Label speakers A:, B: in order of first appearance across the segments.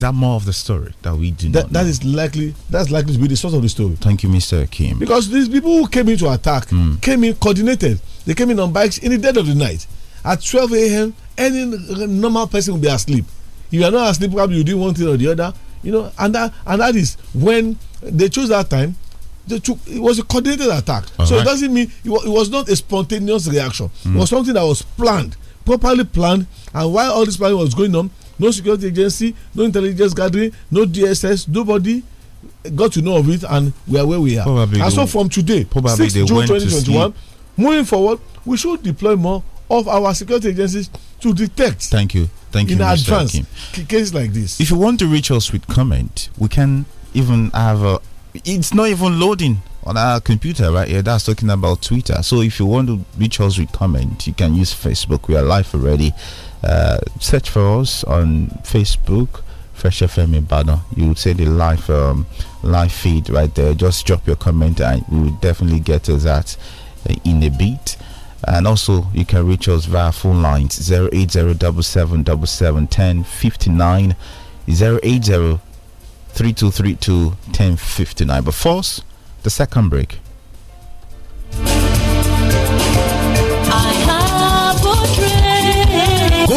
A: that more of the story that we
B: do that, that is likely that's likely to be the source of the story thank you mr kim because these people who came in to attack mm. came in coordinated they came in on bikes in the dead of the night at 12 a.m any normal person will be asleep if you are not asleep probably you do one thing or the other you know and that and that is when they chose that time it was a coordinated attack. All so right. it doesn't mean it was, it was, not a spontaneous reaction. Mm. It hmm. was something that was planned, properly planned, and while all this planning was going on, no security agency no intelligence gathering no dss nobody got to know of it and we are where we are probably and so from today 6 june 2021 moving forward we should deploy more of our security agencies to
A: detect thank you thank in you in advance cases like this if you want to reach us with comment we can even have a, it's not even loading on our computer right here that's talking about twitter so if you want to reach us with comment you can use facebook we are live already uh, search for us on Facebook, Fresh FM Ibadan. You would see the live um, live feed right there. Just drop your comment, and we will definitely get to that in a bit. And also, you can reach us via phone lines 08077771059, But first, the second break.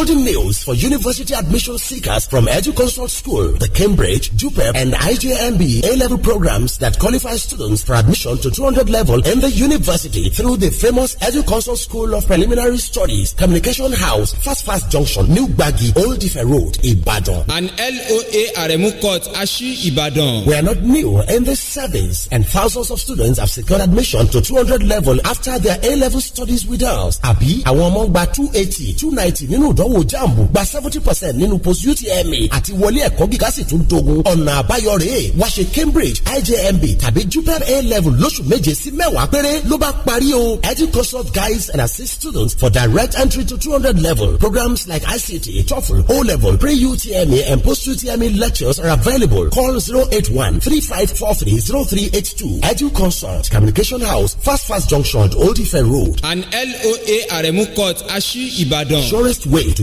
C: Golden news for university admission seekers from EduConsult School, the Cambridge, JUPEP, and IJMB A-level programs that qualify students for admission to 200 level in the university through the famous EduConsult School of Preliminary Studies, Communication House, Fast Fast Junction, New Baggy, Old Ife Road, Ibadan. An LOA
D: Aremu Court, Ashi,
C: Ibadan. We are not new in this service, and thousands of students have secured admission to 200 level after their A-level studies with us. Àbí àwọn among by 280, 290 You know. ìdánwò jambu gba seventy percent nínú post utme àti wọlé ẹ̀kọ́ gíga sì tún dogun ọ̀nà àbáyọ rèé wá ṣe cambridge ijmb tàbí jupep a level lóṣù méje sí mẹ́wàá péré ló bá parí o educonsult guides and assist students for direct entry to two hundred level programs like ict toefl o level pre-utme and post-utme lectures are available call zero eight one three five four three zero three eight two educonsult communication house fast fast junction old ife road.
D: and loa aremu court ashi ibadan. surest way
E: to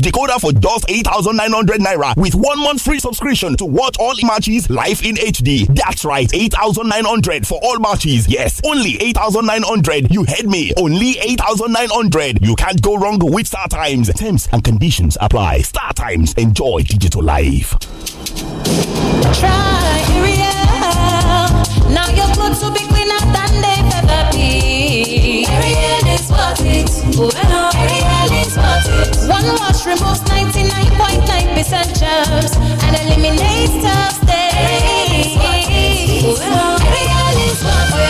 E: decoder for just 8,900 naira with one month free subscription to watch all matches live in HD. That's right, 8,900 for all matches. Yes, only 8,900. You heard me. Only 8,900. You can't go wrong with Star Times. Terms and conditions apply. Star Times. Enjoy digital life.
F: Try
G: Now your clothes will be cleaner than they've ever been. Ariel is worth it. Oh, well, Ariel. One wash removes 99.9% germs and eliminates tough stains. Well, for your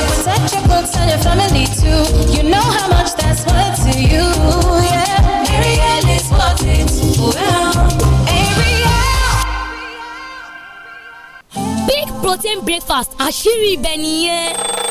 G: protect your books and your family too. You know how much that's worth to you. Yeah, Ariel is worth it. Well, Ariel. Big protein breakfast. Ashiri ibẹ̀ nìyẹn.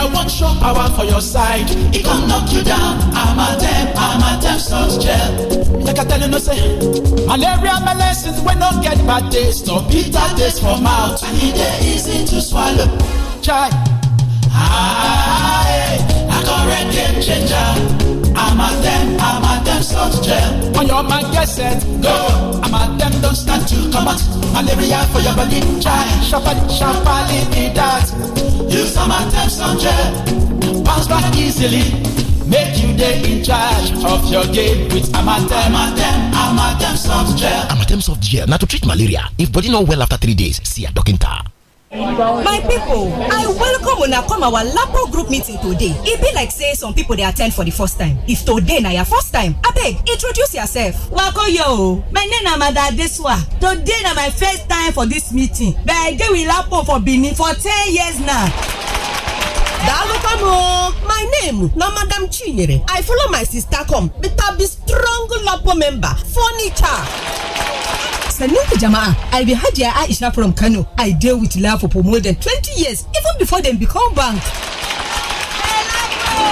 H: i wan show power for your side It can knock you down I'm I'm a dem. a dem soft gel make i tell you no say malaria medicine wey no get bad taste or bitter taste for mouth and e dey easy to swallow Try. ah, ah, ah, eh, i con red game changer a amatem salt gel on your man get set go don't stand to come out. malaria for your body try sharply sharply be that use amatem salt gel bounce back easily make you day in charge of your game with amatem amatem amatem soft gel
C: amatem soft gel Now to treat malaria if body not well after three days see ya doctor my people, i welcome I come our lapo group meeting today
I: It be like say some people they attend for the first time if today na your first time abeg introduce yourself. Wako yo, my name is mada today na my first time for this meeting but i dey with lapo for benin for ten years now daalụkwanụ my name na madam chinyere i follow my sister come but I be strong lapo
C: member furniture I've jama'a i be aisha from kano i deal with love for more than twenty years even before them become bank.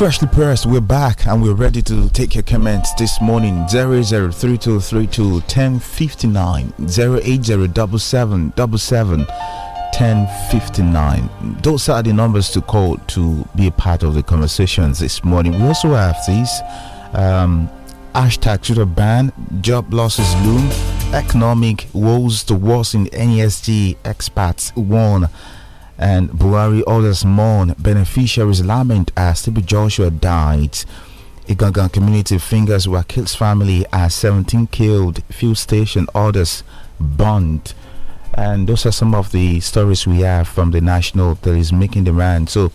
A: freshly pressed. We're back and we're ready to take your comments this morning. 003232 1059 Those are the numbers to call to be a part of the conversations this morning. We also have these um, hashtag should have banned job losses loom, economic woes, the worst in expats warn and Buhari others mourn beneficiaries lament as Tibu Joshua died. Igangan community fingers were killed family as 17 killed, fuel station orders burned. And those are some of the stories we have from the national that is making the round. So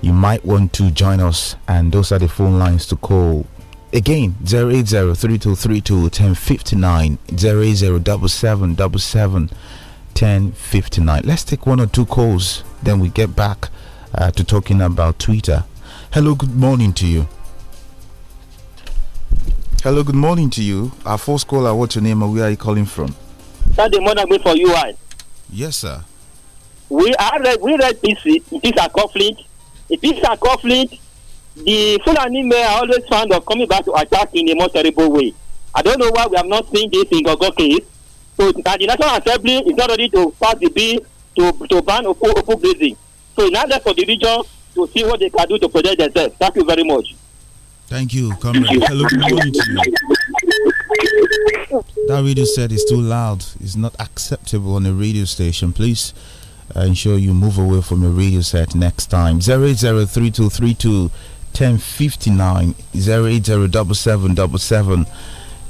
A: you might want to join us and those are the phone lines to call. Again, 080 1059 1059. Let's take one or two calls, then we get back uh, to talking about Twitter. Hello, good morning to you. Hello, good morning to you. Our first caller, what's your name and where are you calling from?
J: Sunday morning, wait for UI. Yes, sir. We are we read this. This a conflict. If peace a conflict, the Fulani men I always found of coming back to attack in a more terrible way. I don't know why we have not seen this in Gogo case so that the National Assembly is not ready to pass the bill to, to ban open, open grazing. So now that's for the region to see what they can do to protect themselves. Thank you very much.
A: Thank you, comrade. Hello, good morning to you. That radio said it's too loud. It's not acceptable on a radio station. Please uh, ensure you move away from your radio set next time. 0803232 1059 0807777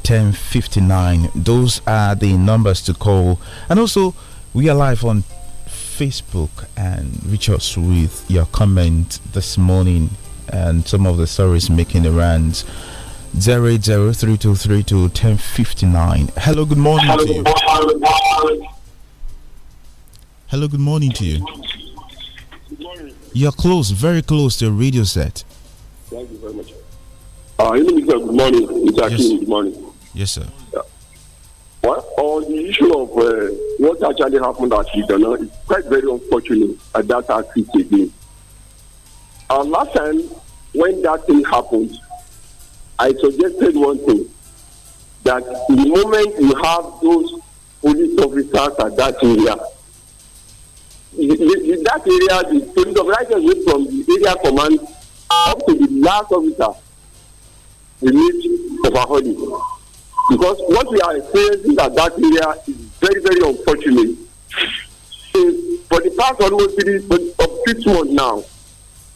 A: 1059. Those are the numbers to call. And also, we are live on Facebook and reach us with your comment this morning and some of the stories making the rounds. 08032321059. Hello, good morning Hello, to you. Hello, good morning to you. You're close, very close to a radio set.
J: Thank you very much.
A: Uh, good morning. It's
J: yes. good morning. Yes, sir. Yeah. Well, on the issue of uh, what actually happened at Ligana, it's quite very unfortunate that that accident again. And last time, when that thing happened, I suggested one thing that the moment you have those police officers at that area, in, that area, the police officers from the area command up to the last officer, the need overhauling. Because what we are experiencing at that area is very, very unfortunate. So for the past almost three, of uh, six months now,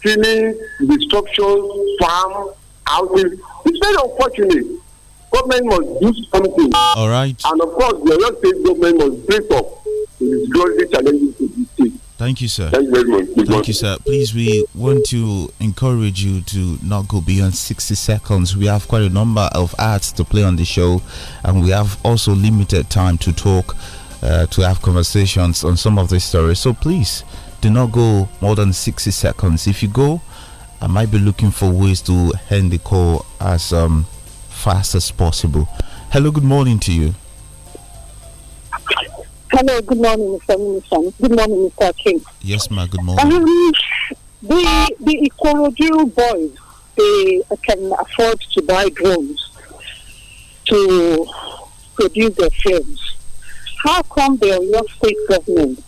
J: cleaning, destruction, farm, houses, it's very unfortunate. Government must do something.
A: All right.
J: And of course, the United States government must break up. It is gloriously challenging to the
A: state. Thank you, sir. Thank you very much. Good Thank you, sir. Please, we want to encourage you to not go beyond 60 seconds. We have quite a number of ads to play on the show, and we have also limited time to talk, uh, to have conversations on some of the stories. So please, do not go more than 60 seconds. If you go, I might be looking for ways to end the call as um, fast as possible. Hello, good morning to you.
K: Hello, good morning, Mr. Minister. Good morning, Mr. King.
A: Yes, ma. Good um,
K: morning. Um, the the Ikorodu boys they can afford to buy drones to produce their films. How come the Oyo State government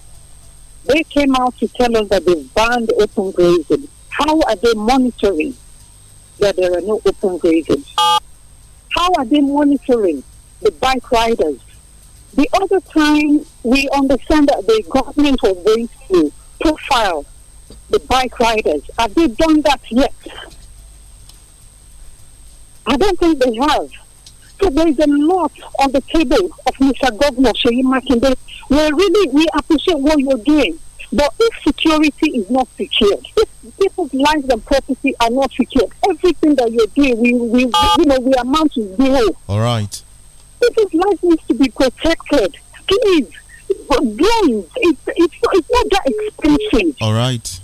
K: they came out to tell us that they banned open grazing? How are they monitoring that there are no open grazing? How are they monitoring the bike riders the other time, we understand that the government was going to profile the bike riders. Have they done that yet? I don't think they have. So there is a lot on the table of Mr. Governor Sheyi Makinde. We really, we appreciate what you're doing. But if security is not secured, if people's lives and property are not secured, everything that you're doing, we, we, you know, we amount to zero. All right people's life needs to be protected. Please, guns It's, it's, it's not that expensive. All right.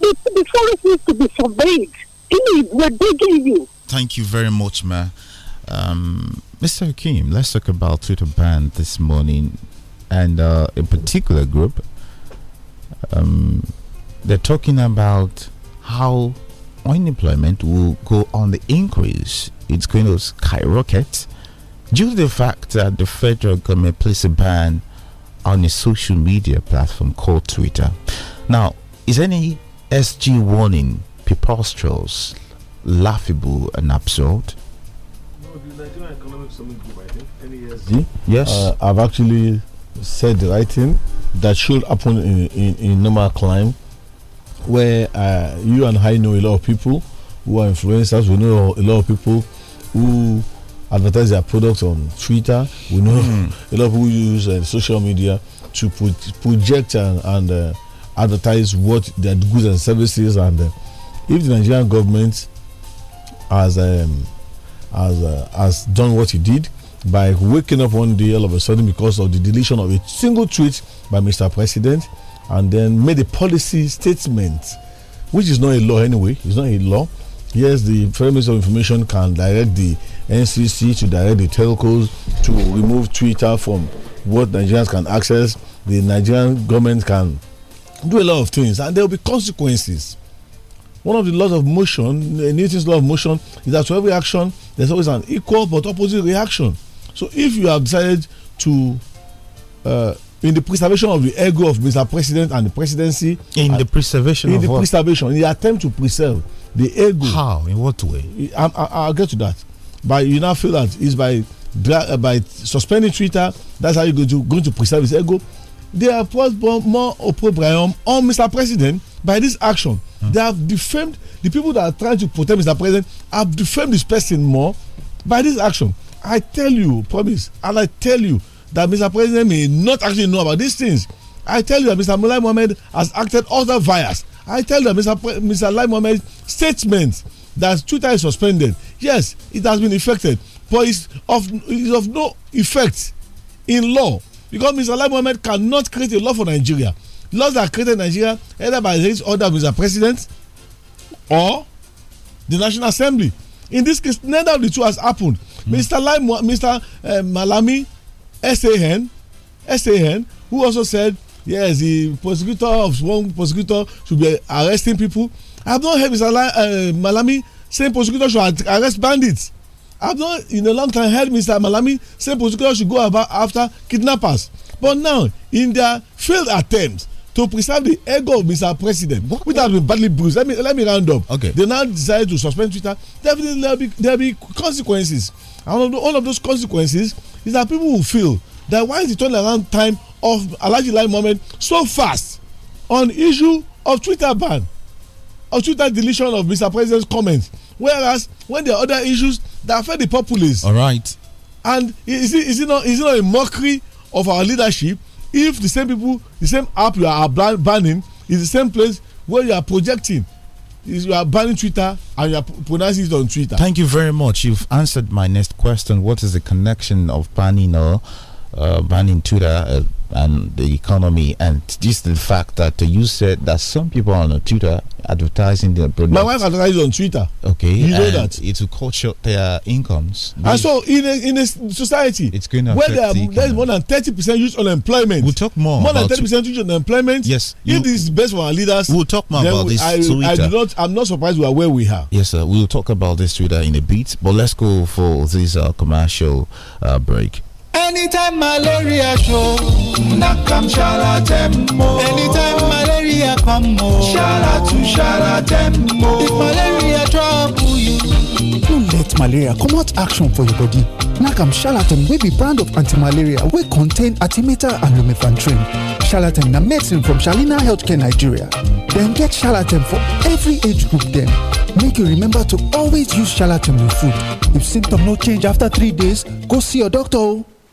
K: The, the forest needs to be surveyed. Please, we're begging you.
A: Thank you very much, ma. Um, Mr. Hakim, let's talk about Twitter ban this morning and uh, a particular group. Um, they're talking about how unemployment will go on the increase. It's going to skyrocket due to the fact that the federal government placed a ban on a social media platform called Twitter. Now, is any SG warning preposterous, laughable, and absurd? No,
B: the Nigerian Economic Summit I think, hmm? Yes. Uh, I've
A: actually said the right
B: thing that should happen in, in, in normal climb where uh, you and I know a lot of people who are influencers, we know a lot of people who advertise their product on Twitter. We know mm. a lot of people use uh, social media to put, project and, and uh, advertise what their goods and services. And uh, if the Nigerian government has um, has uh, has done what he did by waking up one day all of a sudden because of the deletion of a single tweet by Mr. President, and then made a policy statement, which is not a law anyway. It's not a law. Yes, the Federal Minister of Information can direct the NCC to direct the telcos to remove Twitter from what Nigerians can access. The Nigerian government can do a lot of things, and there will be consequences. One of the laws of motion, Newton's law of motion, is that for every action, there's always an equal but opposite reaction. So if you have decided to uh, in the preservation of the ego of Mr. President and the presidency. In the preservation in the what? preservation, in the attempt to preserve the ego. How? In what way? I, I, will get to that by you now feel that it's by uh, by suspending Twitter. That's how you go going to, going to preserve his ego. They have put more opprobrium on Mr. President by this action. Mm. They have defamed the people that are trying to protect Mr. President. Have defamed this person more by this action. I tell you, promise, and I tell you that Mr. President may not actually know about these things. I tell you that Mr. Mulai Mohammed has acted other vias. I tell you that Mr. Pre Mr. Lai Mohammed's statements that two times suspended. Yes, it has been effected, but it's of, it's of no effect in law because Mr. Lai Mohammed cannot create a law for Nigeria. Laws that created Nigeria either by his order with the President or the National Assembly. In this case, neither of the two has happened. Mm. Mr. Lai, Mr. Eh, Malami, SAN, SAN, who also said, yes, the prosecutor of one prosecutor should be arresting people I've not heard Mr. Uh, Malami saying prosecutor should arrest bandits. I've not in a long time heard Mr. Malami say prosecutors should go about after kidnappers. But now, in their failed attempts to preserve the ego of Mr. President, what? which has been badly bruised, let me let me round up. Okay. They now decided to suspend Twitter. Definitely there'll be there'll be consequences. And all of, the, of those consequences is that people will feel that why is the turnaround time of Alaji Lai moment so fast on issue of Twitter ban? or Twitter deletion of Mr. President's comments. Whereas when there are other issues that affect the populace. All right. And is it, is it, not, is it not a mockery of our leadership if the same people, the same app you are banning is the same place where you are projecting? Is you are banning Twitter and you are pronouncing it on Twitter. Thank you
A: very much. You've answered my next question. What is the connection of banning or uh, banning Twitter? Uh, and the economy and just the fact that you said that some people on Twitter advertising their products. My wife advertises on Twitter. Okay, you know that it will cut short their incomes. And
B: so in a, in a society, it's going to where there, the there is more than thirty percent youth unemployment. We'll talk more. More than thirty percent youth unemployment.
A: Yes, you, is best for our leaders. We'll
B: talk more about this. I, Twitter. I do not. I'm not surprised we are where we are.
A: Yes, sir. We'll talk about this Twitter in a bit, but let's go for this uh, commercial uh, break.
H: Anytime malaria show, Nakam Shalatembo. Anytime malaria come, Shalatu Shalatembo. If malaria trouble
L: you, no let malaria comot action for your body. Nakam Shalatem wey be brand of anti-malaria wey contain artimata and lumefantrine. Shalatem na medicine from Shalina Healthcare Nigeria. Dem get Shalatem for every
C: age group dem. Make you remember to always use Shalatem with food. If symptoms no change after
E: three days, go see your doctor o. Oh.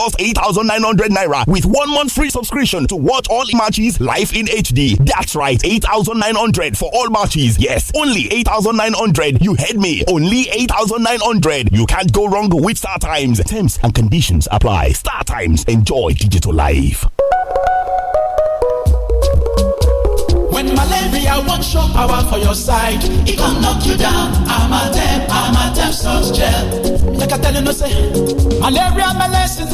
E: just 8,900 naira with one month free subscription to watch all matches live in HD. That's right, 8,900 for all matches. Yes, only 8,900. You heard me. Only 8,900. You can't go wrong with StarTimes. Terms and conditions apply. StarTimes. Enjoy digital life.
H: show power for your side It con knock you down I'm I'm a a damn soft gel like i tell you no say malaria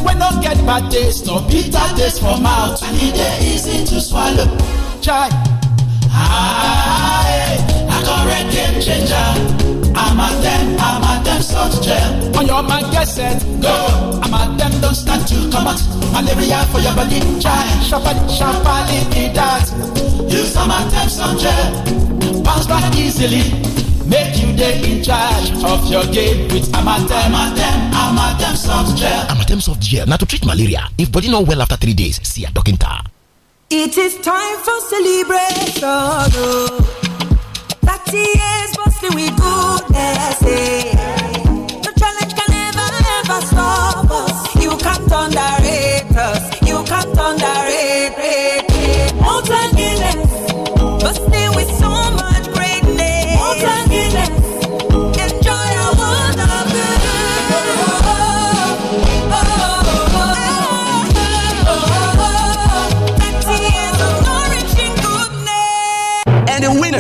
H: we don't get bad taste no bitter taste for mouth and need it easy to swallow Try. ah I'm them, I'm a them, salt gel. on your mind get set go don't start to comot malaria for your body try sharply sharply be that use them, salt gel bounce back easily make you dey in charge of your game with amatem amatem amatem soft gel.
C: amatem soft gel Now to treat malaria if body not well after three days see ya doctor.
G: it is time for celebration. Oh
I: tears bursting with goodness. Eh? challenge can ever stop us. You can't underrate us. You can't but still.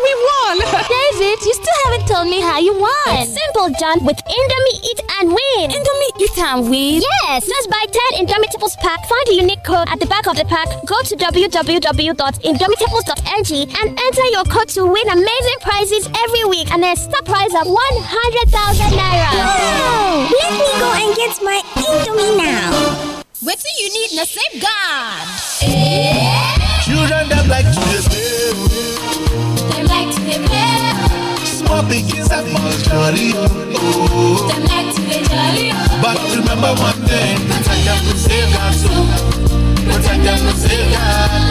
M: we won! David, you still haven't told me how you won! It's simple, John. With Indomie Eat and Win! Indomie Eat and Win? Yes! Just buy 10 Indomie Tipples pack, find the unique code at the back of the pack, go to www.indomitables.ng and enter your code to win amazing prizes every week and a star prize of 100,000 Naira! Wow! Let me go and get my Indomie now! What do you need in
H: a safeguard?
M: Children that like to
H: our begins at most jolly. Oh, them like to be jolly. But remember one thing, protect them from Satan soul. Protect them from Satan.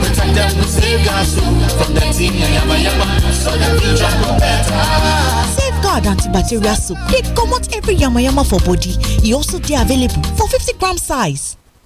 H: Protect them from Satan soul. From the team yama yama, so the future go better.
I: Safeguard antibacterial soap.
M: They comot every yama yama for body. It also they available for 50 gram size.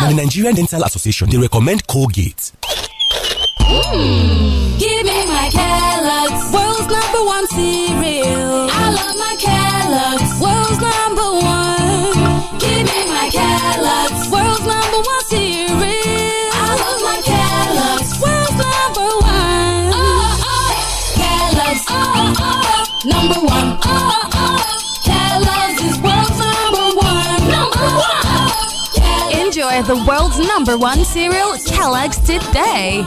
C: Now, the Nigerian Dental Association, they recommend Colgate.
G: Mm. Give me my Kellogg's, world's number one enjoy the world's number one cereal, Kellogg's, today.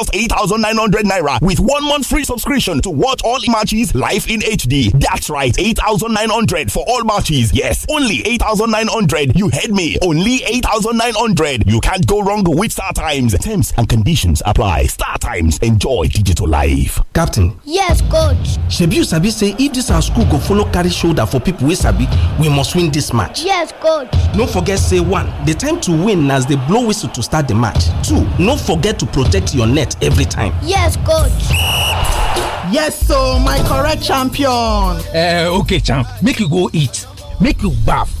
E: just 8,900 naira with one month free subscription to watch all matches live in HD. That's right, 8,900 for all matches. Yes, only 8,900. You heard me. Only 8,900. You can't go wrong with Star Times. Terms and conditions apply. Star Times. Enjoy digital life. Captain.
M: Yes, coach.
E: Shebu
C: sabi say if this our school go follow carry shoulder for people, wey sabi, we must win this match.
M: Yes, coach.
C: No forget say one, the time to win as they blow whistle to start the match. Two, no forget to protect your net right every time.
H: Yes, coach. Yes, so my correct
C: champion. Uh, okay, champ. Make you go eat. Make you bath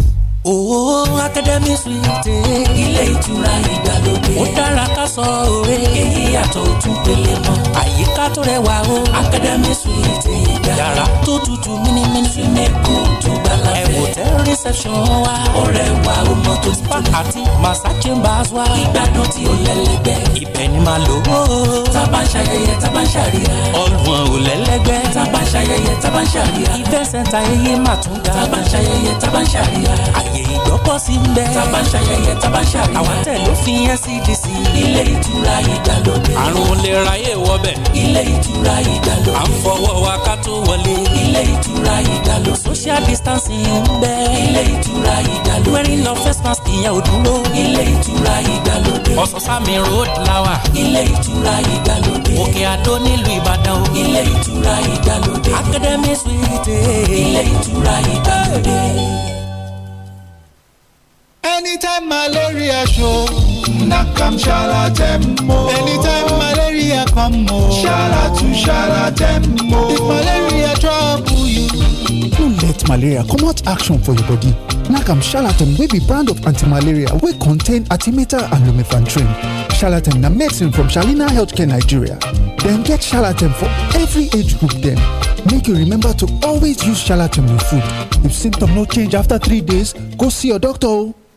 I: Oo Akademi Suite. Ilé ìtura ìgbàlódé. Ó dára ká sọ òwe. Èyí yàtọ̀ ojú pele mọ́. Àyíká tó rẹwà o. Akademi Suite ìgbà. Yàrá tó tutù mímímí. Súnmẹ́kù tó gbàlá fẹ́. Ẹ̀wòtẹ́ reception wa. Ọ̀rẹ́ wa ó mọ tó ti tó. Àti Massa Chambers wa. Ìgbádùn tí ó lẹ́lẹ́gbẹ́. Ibẹ̀ ni màá lò ó. Tábà ń ṣayẹyẹ, tábà ń ṣàríyá. Ọ̀gbun ò lẹ́lẹ́gbẹ́. Tábà ń ṣayẹyẹ, tábà ààyè ìgbọ́kọ̀sí ń bẹ. tá a bá ń ṣayẹyẹ tá a bá ń ṣàríyá. àwọn tẹ̀ ló fi NCDC. E ilé ìtura ìdàlódé. àrùn olè ráyè wọbẹ̀. ilé ìtura ìdàlódé. à ń fọwọ́ wa ká tó wọlé. ilé ìtura ìdàlódé. social distancing ń bẹ. ilé ìtura ìdàlódé. wearing no face mask ìyẹn ò dúró. ilé ìtura ìdàlódé. ọ̀sánsámi road lawa. ilé ìtura ìdàlódé. òkè àdó nílùú ìbàdàn o. ilé ìtura ìdàlódé. academy suite. ilé ìtura ìdàlódé.
H: Anytime malaria show, nakam shala tempo. Anytime malaria come, shala to shala tempo. If malaria trouble
L: you, Don't let malaria comot action for your body. Nakam Charlatan will be brand of anti-malaria will contain Artimata and lumefantrine. Charlatan na medicine from Shalina Healthcare Nigeria. Then get Charlatan for every age group then. Make you remember to always use Charlatan with food. If symptoms no change after three days, go see your doctor.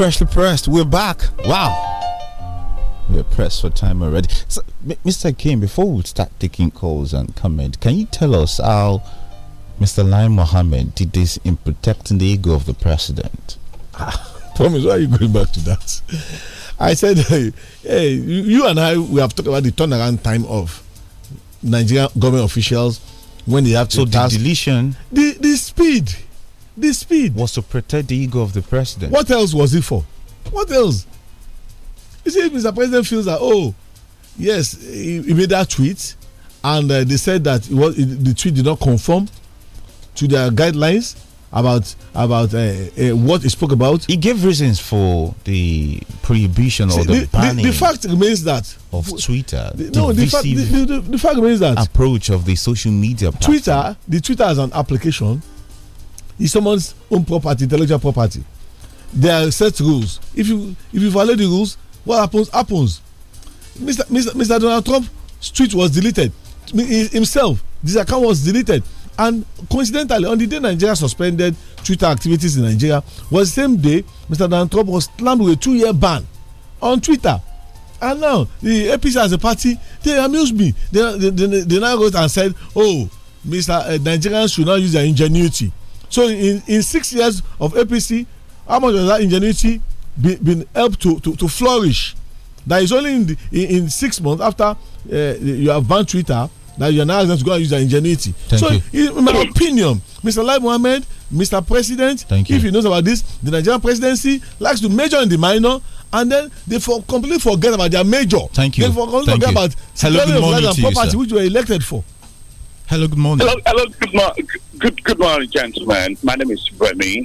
A: freshly pressed. We're back. Wow. We're pressed for time already. So, Mr. Kim, before we start taking calls and comment, can you tell us how Mr. Lion Mohammed did this in protecting the ego of the president? Ah, promise, why are you going back to that? I said, hey,
B: hey, you and I, we have talked about the turnaround time of Nigerian government officials when they have to. So the deletion. The, the speed the speed was to
A: protect the ego of the president.
B: What else was it for? What else? You see, Mr. President feels that, oh, yes, he, he made that tweet, and uh, they said that it was, it, the tweet did not conform to their guidelines about about uh, uh,
A: what he spoke about. He gave reasons for the prohibition See, or the, the banning. The, the,
B: fact remains that of Twitter. The, no, the fact, the,
A: fact remains that approach of the social media. Platform. Twitter, the
B: Twitter as an application it's someone's own property, intellectual property. There are set rules. If you if you violate the rules, what happens happens. Mr. Mr. Mr. Donald Trump's tweet was deleted. Himself, this account was deleted. And coincidentally, on the day Nigeria suspended Twitter activities in Nigeria, was the same day Mr. Donald Trump was slammed with a two-year ban on Twitter. And now the APC as a party, they amused me. They, they, they, they now wrote and said, "Oh, Mr. Uh, Nigerians should not use their ingenuity so in, in six years of APC, how much of that ingenuity been been helped to, to, to flourish? That is only in, the, in, in, six months after uh, you have banned Twitter that you are now asked to go and use their ingenuity. Thank so, you. in my opinion, Mr. Lai Mohammed, Mr. President, Thank if he knows about this, the Nigerian presidency likes to major in the minor and then they for completely forget about their major. Thank you. They for completely Thank forget you. about Hello, good morning of land and property you, which were elected for.
A: Hello, good
E: morning. Hello, hello good, mo good, good morning, gentlemen. My name is Remy.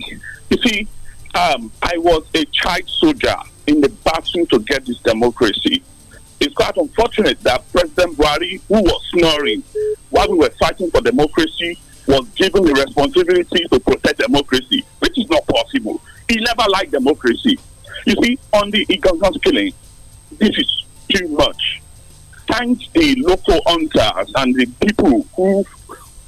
E: You see, um, I was a child soldier in the battle to get this democracy. It's quite unfortunate that President Buhari, who was snoring while we were fighting for democracy, was given the responsibility to protect democracy, which is not possible. He never liked democracy. You see, on the Igangas killing, this is too much thank the local hunters and the people who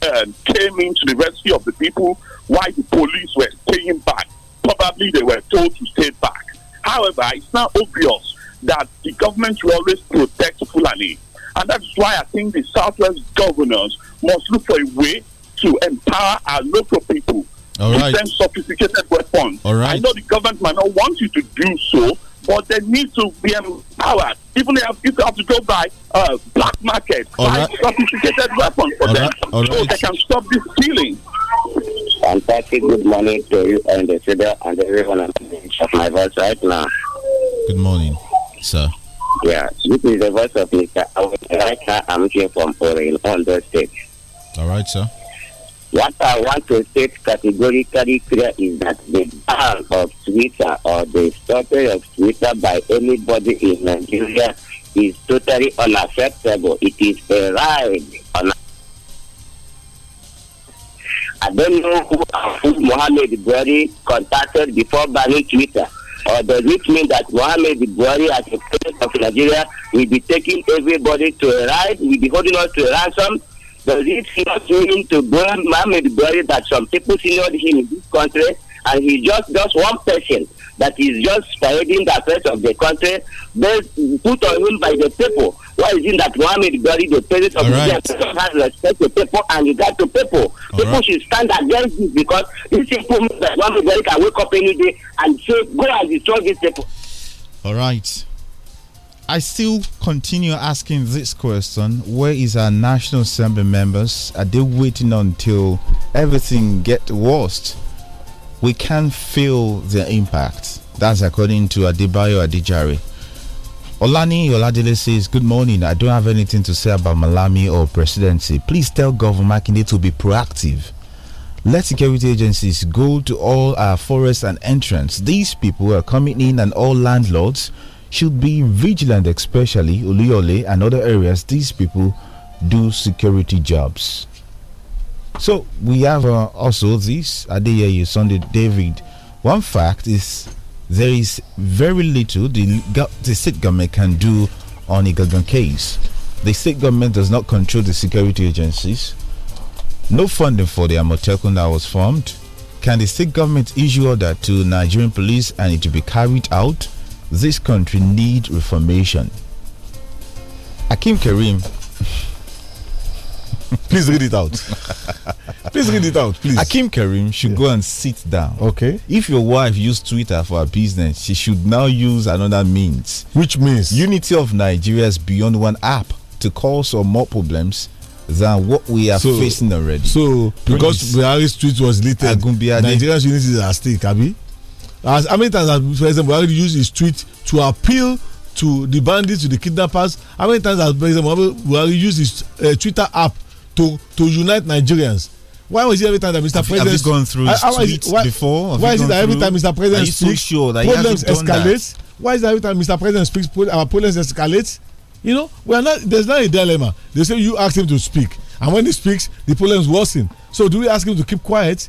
E: uh, came into the rescue of the people while the police were staying back. Probably they were told to stay back. However, it's now obvious that the government will always protect Fulani. And that's why I think the Southwest governors must look for a way to empower our local people All right. with sophisticated weapons. All right. I know the government might not want you to do so, but they need to be empowered even if you have to go by uh, black market, all buy right. sophisticated weapons for all
J: them right. so right. they can stop this killing. Fantastic. Good morning to you and the studio and everyone on my voice right now. Good
A: morning, sir.
J: Yeah, this is the voice of Mr. Right I'm here from Oregon, on the stage. All right, sir. What I want to state categorically clear is that the ban of Twitter or the stopping of Twitter by anybody in Nigeria is totally unacceptable. It is a right. I don't know who, who Mohammed Bari contacted before banning Twitter. Or does it mean that Mohammed Bari, as the president of Nigeria, will be taking everybody to a ride, will be holding us to a ransom? Does it not mean to burn Mohammed Buhari that some people senior him in this country and he just just one person that is just spreading the affairs of the country based, put on him by the people? Why is it that Mohammed Buhari, the president of right. India, has respect to people and regard to people? All people right. should stand against this because this people that Mohammed Buhari can wake up any day and say, go and destroy these people.
A: All right. I still continue asking this question: Where is our National Assembly members? Are they waiting until everything get worst? We can feel the impact. That's according to Adibayo Adijari. Olani Oladile says, Good morning. I don't have anything to say about Malami or presidency. Please tell Governor Makinde to be proactive. Let security agencies go to all our forests and entrance. These people are coming in and all landlords should be vigilant, especially Uliole and other areas these people do security jobs. So we have uh, also this Adeyeye Sunday David. One fact is there is very little the, the state government can do on a Gagan case. The state government does not control the security agencies. No funding for the Amotekun that was formed. Can the state government issue order to Nigerian police and it to be carried out? This country needs reformation. Akim Karim. please read it out. please read it out, please. Akim Karim should go and sit down. Okay. If your wife used Twitter for her business, she should now use another means. Which means? Unity of Nigeria is beyond one app to cause some more problems than what we are so, facing already. So, because
B: Buhari's tweet was deleted, Nigeria's
A: unity is at stake,
B: Abi? As, how many times has President Buhari used his tweet to appeal to the bandits, to the kidnappers? How many times has President Buhari used his uh, Twitter app to to unite Nigerians? Why was it every time that Mr. Have President? Have you gone through his tweets why, before? Have why is it that every time Mr. President Are you speaks, sure that problems escalate? That? Why is it every time Mr. President speaks, our problems escalate? You know, we are not. There's not a dilemma. They say you ask him to speak, and when he speaks, the problems worsen. So do we ask him to keep quiet?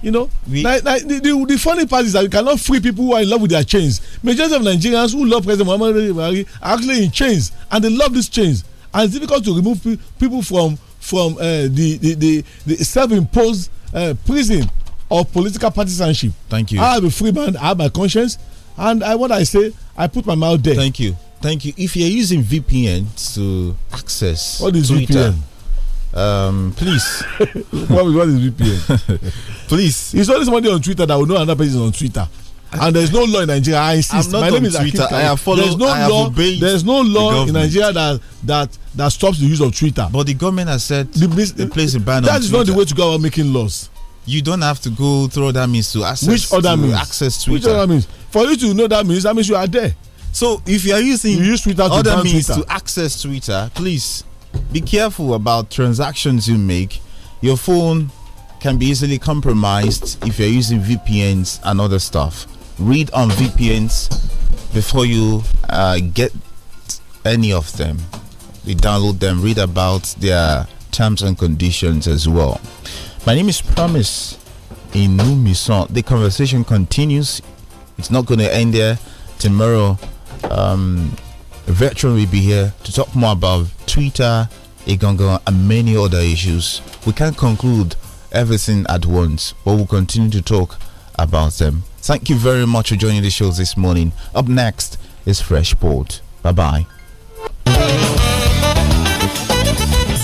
B: you know we, the, the, the, funny part is that you cannot free people who are in love with their chains majority of nigerians who love president muhammadu buhari are actually in chains and they love these chains and it's difficult to remove pe people from from uh, the, the, the the self-imposed uh, prison of political partisanship thank you i have a free man i have my conscience and i what i say i put my mouth there thank you
A: thank you if you're using vpn to access what is Twitter, vpn um, please. what, what is VPN? please. It's only somebody on Twitter that will
B: know another person on Twitter. And there's no law in Nigeria. I insist. My name is Twitter. Akin I have followed. There's no law.
A: There's no law in Nigeria that that that stops the use of Twitter. But the government has said the, they place a ban. That is Twitter. not the way to go about making laws. You don't have to go through other means to access. Which other means? Access Twitter. Which other means? For you to know that means, that means you are there. So if you are using
B: you use Twitter other means Twitter. to
A: access Twitter, please be careful about transactions you make. Your phone can be easily compromised if you're using VPNs and other stuff. Read on VPNs before you uh, get any of them. You download them, read about their terms and conditions as well. My name is Promise Inumison. The conversation continues. It's not going to end there. Tomorrow, um, a veteran will be here to talk more about Twitter, Igongo, and many other issues. We can't conclude everything at once, but we'll continue to talk about them. Thank you very much for joining the show this morning. Up next is Fresh Port. Bye bye.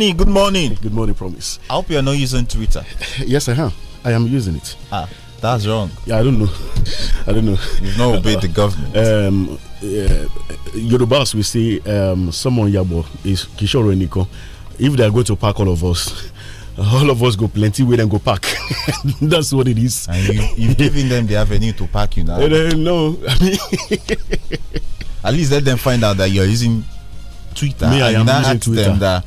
A: Kenny, good morning.
N: Good morning, Promise. I hope you're not using Twitter. yes, I am. I am using it. Ah, that's wrong. Yeah, I don't know. I don't know. You've not obeyed the government. Um, uh, Yorubas, we see um, someone Yabo is Kishore Niko. If they are going to park all of us, all of us go plenty way and go park. That's what
A: it is. And you, have given them the avenue to park you now. Uh, no, I mean, at least let them find out that you're using Twitter. Me, I am using Twitter.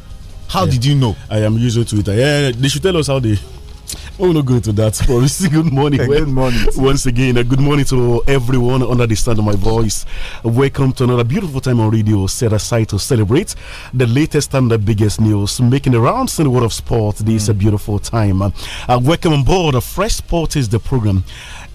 N: How yeah. did you know? I am using Twitter. Yeah, they should tell us how they. I will oh, not go into that. Promise. good morning. good morning. Once again, a good morning to everyone under the sound of my voice. Welcome to another beautiful time on radio set aside to celebrate the latest and the biggest news making the rounds in the world of sport. This mm. is a beautiful time. Uh, welcome on board. Fresh Sport is the program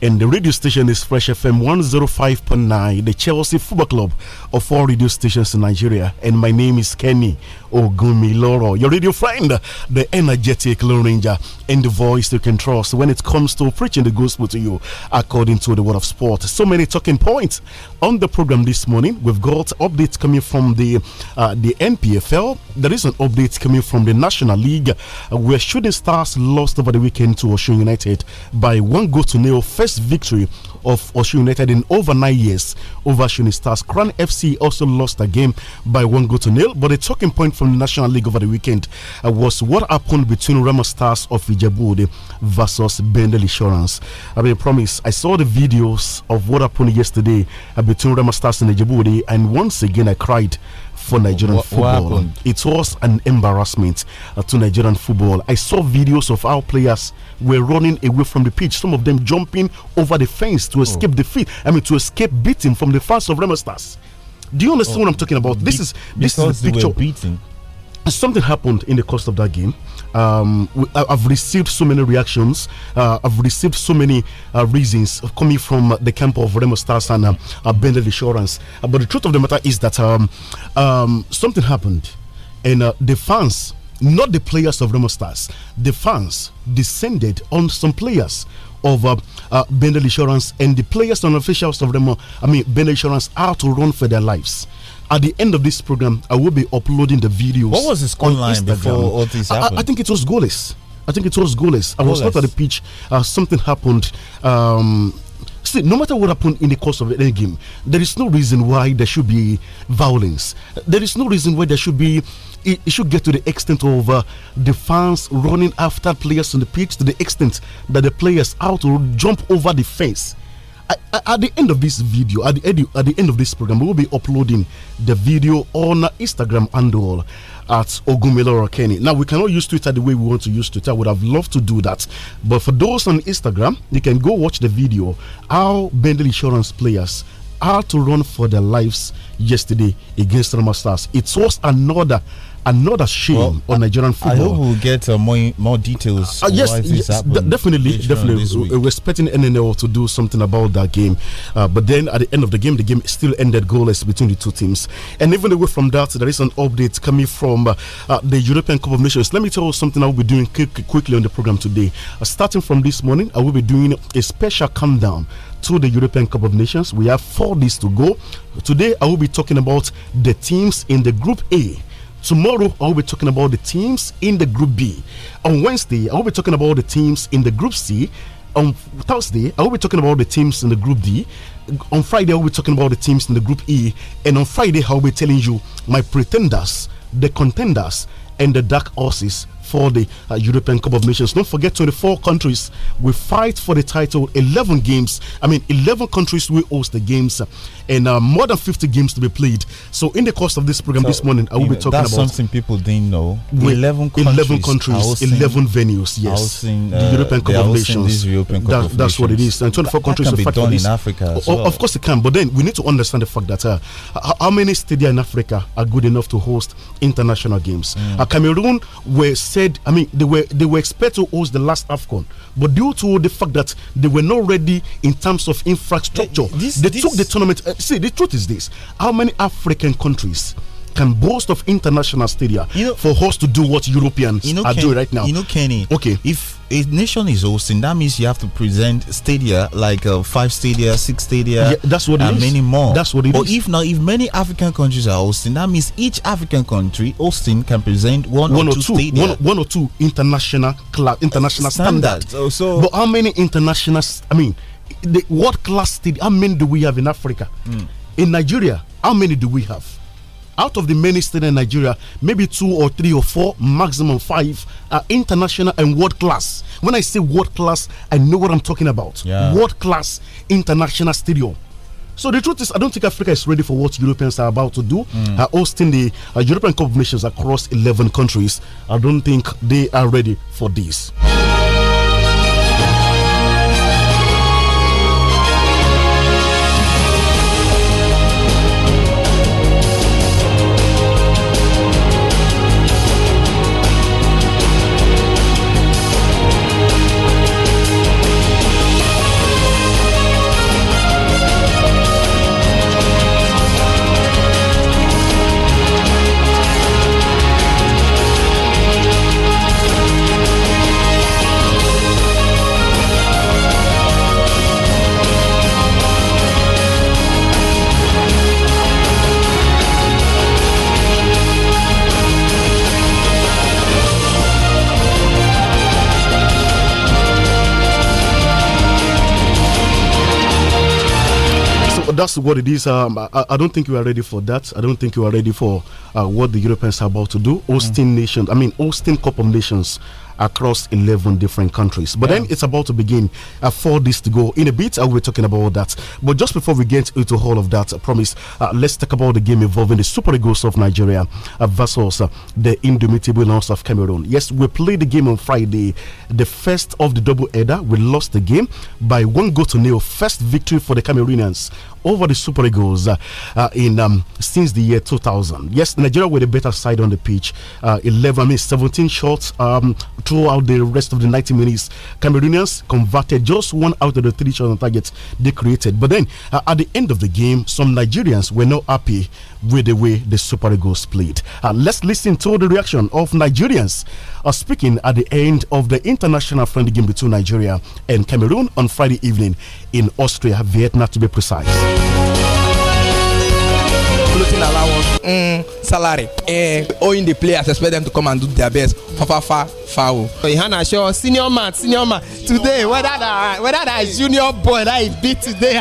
N: and the radio station is Fresh FM 105.9, the Chelsea Football Club of all radio stations in Nigeria. And my name is Kenny Loro, your radio friend, the energetic Lone Ranger, and the voice you can trust when it comes to preaching the gospel to you according to the word of sport. So many talking points on the program this morning. We've got updates coming from the uh, the NPFL. There is an update coming from the National League, uh, where Shooting Stars lost over the weekend to Osun United by one goal to nil. First first victory of Osun United in over nine years over Shuni Stars. Kran FC also lost a game by one goal to nil. But the talking point from the National League over the weekend uh, was what happened between Rama Stars of Ijebuode versus Bendel Insurance. I mean, I promise, I saw the videos of what happened yesterday uh, between Rama Stars and Ijebuode, and once again I cried for Nigerian what, football. What it was an embarrassment uh, to Nigerian football. I saw videos of our players were running away from the pitch, some of them jumping over the fence to oh. escape oh. defeat. I mean, to escape beating from the fans of Remo Stars. Do you understand oh. what I'm talking about? this is this is the picture. Something happened in the course of that game. Um, I've received so many reactions. Uh, I've received so many uh, reasons coming from the camp of Remo Stars and uh, uh, Bended Insurance. but the truth of the matter is that um, um, something happened, and uh, the fans, not the players of Remo Stars, the fans descended on some players of uh, uh, Insurance and the players and officials of Remo, I mean, Bendel Insurance, are to run for their lives at the end of this program, I will be uploading the videos. What was the scoreline before all this happened? I, I think it was goalless. I think it was goalless. I goalless. was not at the pitch. Uh, something happened. Um, see, no matter what happened in the course of any game, there is no reason why there should be violence. There is no reason why there should be. It, it should get to the extent of uh, the fans running after players on the pitch to the extent that the players out to jump over the fence at the end of this video, at the, end, at the end of this program, we will be uploading the video on Instagram and all at Ogumiloro Kenny. Now, we cannot use Twitter the way we want to use Twitter. I would have loved to do that. But for those on Instagram, you can go watch the video how Bendel Insurance players are to run for their lives yesterday against Roma Stars. It was another another shame well, on Nigerian football. I hope we'll get uh, more more details. Uh, yes, yes definitely, definitely. We're expecting NNL to do something about that game, uh, but then at the end of the game, the game still ended goalless between the two teams. And even away from that, there is an update coming from uh, uh, the European Cup of Nations. Let me tell you something I will be doing quickly on the program today. Uh, starting from this morning, I will be doing a special countdown to the European Cup of Nations. We have four days to go. Today, I will be talking about the teams in the Group A Tomorrow, I'll be talking about the teams in the Group B. On Wednesday, I'll be talking about the teams in the Group C. On Thursday, I'll be talking about the teams in the Group D. On Friday, I'll be talking about the teams in the Group E. And on Friday, I'll be telling you my pretenders, the contenders, and the dark horses for the uh, European Cup of Nations. Don't forget, 24 countries will fight for the title. 11 games, I mean, 11 countries will host the games, and uh, more than 50 games to be played. So, in the course of this program so, this morning, I will be talking that's about something
A: people didn't know. 11 countries, 11 countries, 11 venues. Yes, hosting, uh, the European Cup of Nations. European
N: Cup that, of that's Nations. what it is. And 24 that, countries that can be done in Africa. well. Of course, it can, but then we need to understand the fact that uh, how many stadia in Africa are good enough to host international games? Mm. Uh, Cameroon were said, I mean, they were they were expected to host the last AFCON, but due to the fact that they were not ready in terms of infrastructure, this, they this. took the tournament. Uh, see, the truth is this: how many African countries? Can boast of international stadia you know, for us to do
A: what Europeans you know, are Ken, doing right now. You know, Kenny. Okay. If a nation is hosting, that means you have to present stadia like uh, five stadia, six stadia. Yeah, that's what and is. many more. That's what it or is. if not, if many African countries are hosting, that means each African country hosting can present one, one or, or, two, stadia. One, one or two international class, international standards. Standard. Oh, so, but how many
N: international? I mean, the, what class stadia? How many do we have in Africa? Mm. In Nigeria, how many do we have? out of the many states in Nigeria, maybe two or three or four, maximum five, are international and world class. When I say world class, I know what I'm talking about. Yeah. World class international stadium. So the truth is, I don't think Africa is ready for what Europeans are about to do. Mm. Uh, hosting the uh, European Cup of Nations across 11 countries, I don't think they are ready for this. that's what it is. Um, I, I, don't think you are ready for that. I don't think you are ready for uh, what the Europeans are about to do. Hosting mm. nations, I mean, hosting Cup of Nations across 11 different countries. But yeah. then it's about to begin uh, four days to go. In a bit, I will be talking about that. But just before we get into all of that, I promise, uh, let's talk about the game involving the Super Eagles of Nigeria uh, versus uh, the Indomitable Lions of Cameroon. Yes, we played the game on Friday, the first of the double header. We lost the game by one goal to nil. First victory for the Cameroonians over the Super Eagles uh, uh, in um, since the year 2000. Yes, Nigeria were the better side on the pitch. Uh, 11, I mean 17 shots, um, throughout the rest of the 90 minutes. Cameroonians converted just one out of the three shots on target they created. But then uh, at the end of the game, some Nigerians were not happy with the way the Super Eagles played. Uh, let's listen to the reaction of Nigerians uh, speaking at the end of the international friendly game between Nigeria and Cameroon on Friday evening in Austria, Vienna to be precise.
C: floating allowance
D: mm, salary eh, owing the players expect them to come and do their best Fa fa fa fafafa foul. ihana
C: sure senior man senior man today whether na whether na junior boy na he be today.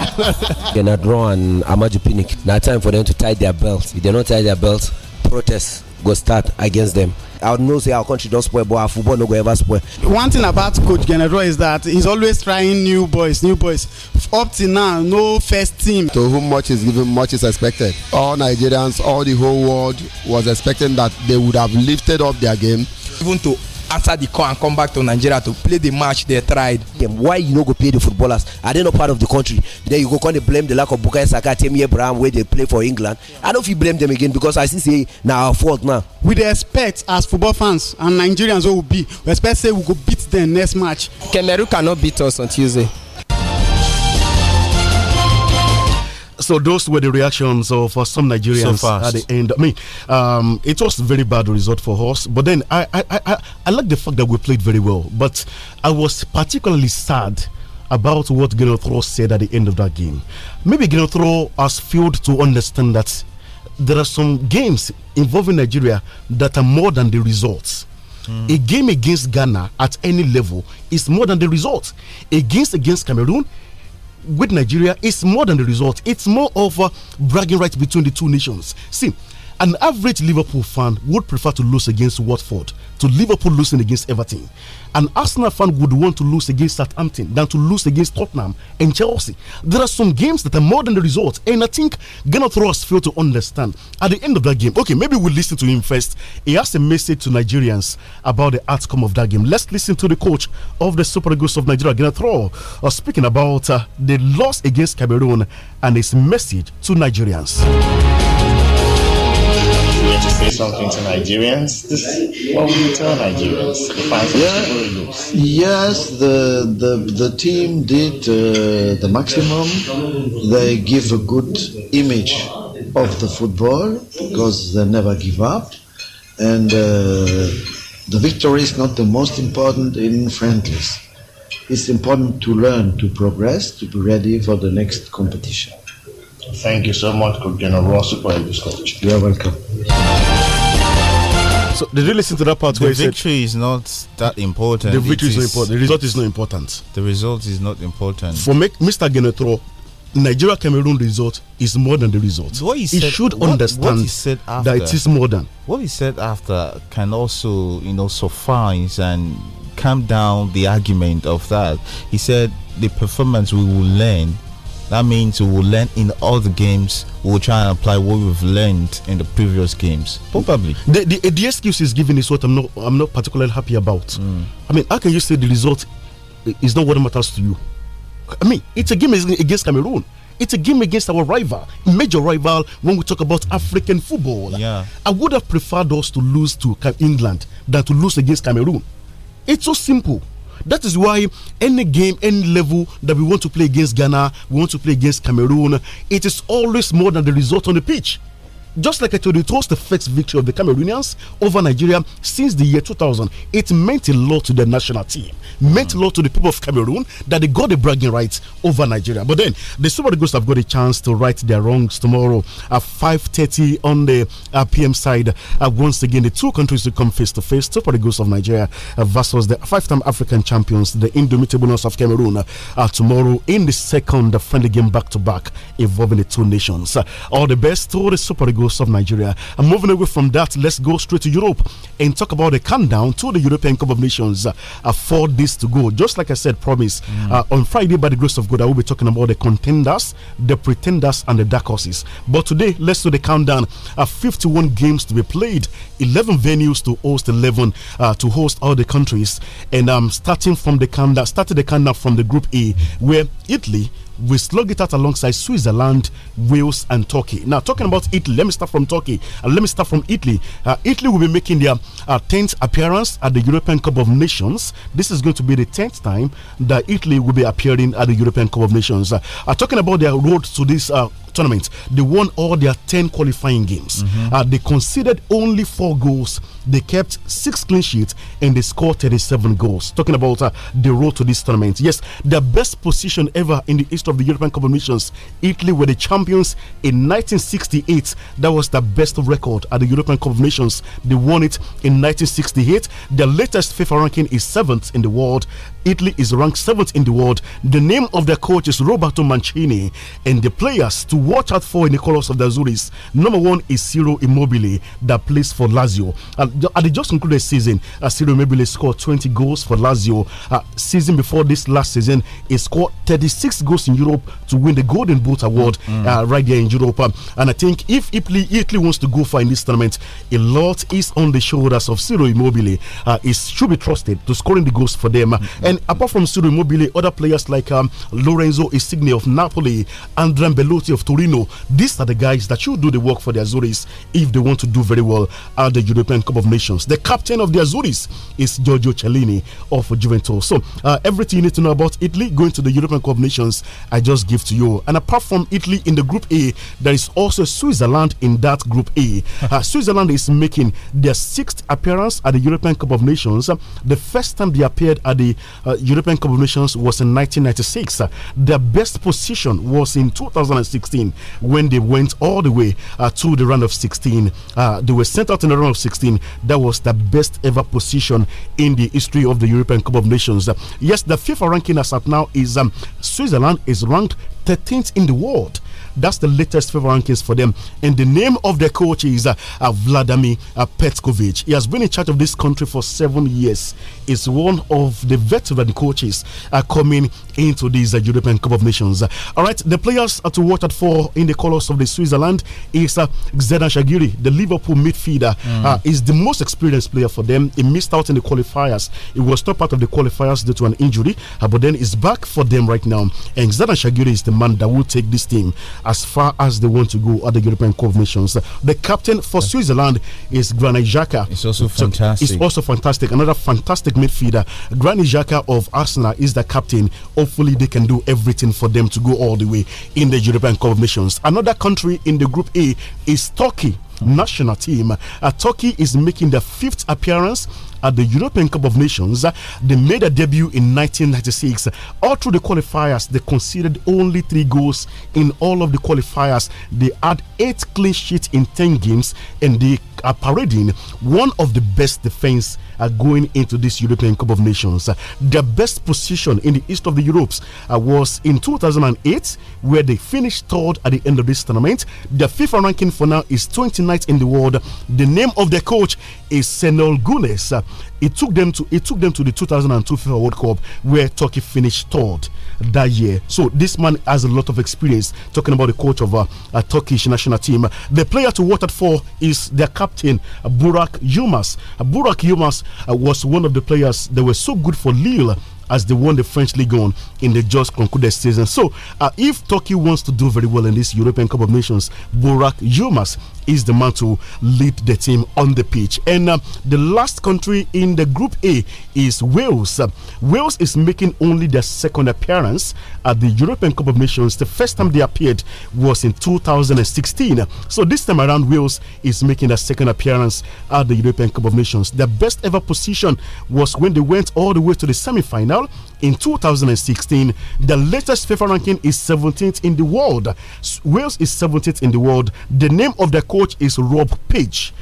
C: gennadron and amaju pinnick na time for them to tie their belt if they no tie their belt protest go start against them. i know say our country don spoil but our football no go ever spoil one thing about coach genedro is that he's always trying new boys new boys up to now no first team. to whom much is given much is expected
D: all nigerians all the whole world was expecting that they would have lifted up their game even to After the call and come back to nigeria to play the match they tried. dem why you no go pay
C: the footballers are they not part of the country then you go come dey blame the lack of bukayo saka temi abraham wey dey play for england i no fit blame dem again because i see say na our fault now. we dey expect as football fans and nigerians wey we be we expect say we go beat dem next match. cameroon cannot beat us on tuesday.
N: So those were the reactions of uh, some Nigerians so at the end. I mean, um, it was very bad result for us. But then I, I, I, I like the fact that we played very well. But I was particularly sad about what Genothro said at the end of that game. Maybe Genothro has failed to understand that there are some games involving Nigeria that are more than the results. Mm. A game against Ghana at any level is more than the result. Against against Cameroon with Nigeria is more than the result. It's more of a bragging rights between the two nations. See, an average Liverpool fan would prefer to lose against Watford to Liverpool losing against Everton an Arsenal fan would want to lose against Southampton than to lose against Tottenham and Chelsea. There are some games that are more than the result, and I think Gunnar Ross failed to understand at the end of that game. Okay, maybe we'll listen to him first. He has a message to Nigerians about the outcome of that game. Let's listen to the coach of the Super Eagles of Nigeria, Gunnar uh, speaking about uh, the loss against Cameroon and his message to Nigerians
O: to say something to Nigerians? This, what would you
A: tell Nigerians? The fans
O: yeah, yes, the, the, the team
L: did uh, the maximum. They give a good image of the football because they never give up. And uh, the victory is not the most important in friendlies. It's important to learn,
O: to progress, to be ready for the next competition
N: thank you so much, Coach Generoso, for this coach. You're welcome. So did you listen to that part the where victory
A: is not that important? The victory is, is, not important. The result is not important. The result is not important. For
N: make, Mr. Genetro, Nigeria Cameroon result is more than the result. What he, said, should what, understand what he after, that it is more than.
A: What he said after can also, you know, suffice and calm down the argument of that. He said the performance we will learn that means we will learn in all the games. We will try and apply what we've learned in the previous games. Probably. The, the, the excuse he's giving is what I'm not
N: I'm not particularly happy about. Mm. I mean, how can you say the result is not what matters to you? I mean, it's a game against Cameroon. It's a game against our rival, major rival, when we talk about African football. Yeah. I would have preferred us to lose to England than to lose against Cameroon. It's so simple. That is why any game, any level that we want to play against Ghana, we want to play against Cameroon, it is always more than the result on the pitch. Just like I told you, it was the first victory of the Cameroonians over Nigeria since the year 2000. It meant a lot to the national team, meant a lot to the people of Cameroon that they got the bragging rights over Nigeria. But then the Super Eagles have got a chance to right their wrongs tomorrow at 5:30 on the uh, PM side. Uh, once again, the two countries will come face to face. Super Eagles of Nigeria uh, versus the five-time African champions, the indomitableness of Cameroon, uh, tomorrow in the second friendly game back-to-back -back involving the two nations. all the best to the Super Eagles of Nigeria. And moving away from that, let's go straight to Europe and talk about the countdown to the European Cup of Nations. Uh, four days to go. Just like I said, promise. Mm. Uh, on Friday, by the grace of God, I will be talking about the contenders, the pretenders, and the dark horses. But today, let's do the countdown. Uh, 51 games to be played, 11 venues to host 11 uh, to host all the countries. And I'm um, starting from the countdown, started the countdown from the Group A, where Italy we slug it out alongside Switzerland, Wales, and Turkey. Now, talking about Italy, let me start from Turkey. Uh, let me start from Italy. Uh, Italy will be making their 10th uh, appearance at the European Cup of Nations. This is going to be the 10th time that Italy will be appearing at the European Cup of Nations. Uh, talking about their road to this uh, tournament, they won all their 10 qualifying games. Mm -hmm. they conceded only four goals they kept six clean sheets and they scored 37 goals. Talking about uh, the road to this tournament. Yes, the best position ever in the East of the European Cup of Nations. Italy were the champions in 1968. That was the best record at the European Cup of Nations. They won it in 1968. The latest FIFA ranking is seventh in the world. Italy is ranked seventh in the world. The name of their coach is Roberto Mancini, and the players to watch out for in the colors of the Azuris. Number one is Ciro Immobile that plays for Lazio. And at the just concluded season, uh, Cyril Mebile scored 20 goals for Lazio. Uh, season before this last season, he scored 36 goals in Europe to win the Golden Boot Award mm. mm. uh, right there in Europe. and I think if Italy, Italy wants to go far in this tournament, a lot is on the shoulders of Cyril Immobile. Uh, he should be trusted to scoring the goals for them. Mm And apart from Cyril Immobile, other players like um, Lorenzo Insigne of Napoli, Andrea Bellotti of Torino, these are the guys that should do the work for the Azores if they want to do very well at the European Cup of Nations. The captain of the Azuris is Giorgio Cellini of Juventus. So, uh, everything you need to know about Italy going to the European Cup of Nations, I just give to you. And apart from Italy in the Group A, there is also Switzerland in that Group A. Uh, Switzerland is making their sixth appearance at the European Cup of Nations. The first time they appeared at the uh, European Cup of Nations was in 1996. Uh, their best position was in 2016 when they went all the way uh, to the round of 16. Uh, they were sent out in the round of 16 that was the best ever position in the history of the European Cup of Nations. yes, the FIFA ranking as at now is um, Switzerland is ranked 13th in the world. That's the latest FIFA rankings for them. And the name of the coach is uh, uh, Vladimir uh, Petkovic. He has been in charge of this country for seven years. He's one of the veteran coaches uh, coming into this uh, European Cup of Nations. all right, the players to watch out for in the colours of the Switzerland is uh, Zedan Shagiri, the Liverpool midfielder, mm. Uh, is the most experienced player for them. He missed out in the qualifiers. He was stopped out of the qualifiers due to an injury, uh, but then is back for them right now. And Zedan Shagiri is the man that will take this team as far as they want to go at the European Cup of Nations. The captain for Switzerland is Granit Xhaka. It's also fantastic. So it's also fantastic. Another fantastic midfielder. Granit Xhaka of Arsenal is the captain of hopefully they can do everything for them to go all the way in the European Cup of Nations. Another country in the Group A is Turkey national team. Uh, Turkey is making their fifth appearance at the European Cup of Nations. Uh, they made a debut in 1996. all through the qualifiers, they conceded only three goals in all of the qualifiers. They had eight clean sheets in 10 games and they are parading one of the best defense uh, going into this European Cup of Nations. Uh, their best position in the east of the Europes uh, was in 2008, where they finished third at the end of this tournament. Their FIFA ranking for now is 29th in the world. The name of their coach is Senol Gunes. Uh, it took them to it took them to the 2002 FIFA World Cup, where Turkey finished third that year. So this man has a lot of experience. Talking about the coach of uh, a Turkish national team, the player to watch out for is their captain Burak Yumas. Burak Yumas uh, was one of the players that were so good for Lille as they won the French League on in the just concluded season. So, uh, if Turkey wants to do very well in this European Cup of Nations, Burak Yilmaz is the man to lead the team on the pitch. And uh, the last country in the Group A is Wales. Uh, Wales is making only their second appearance at the European Cup of Nations. The first time they appeared was in 2016. So this time around, Wales is making their second appearance at the European Cup of Nations. Their best ever position was when they went all the way to the semi final in 2016. The latest FIFA ranking is 17th in the world. Wales is 17th in the world. The name of the coach is Rob Page.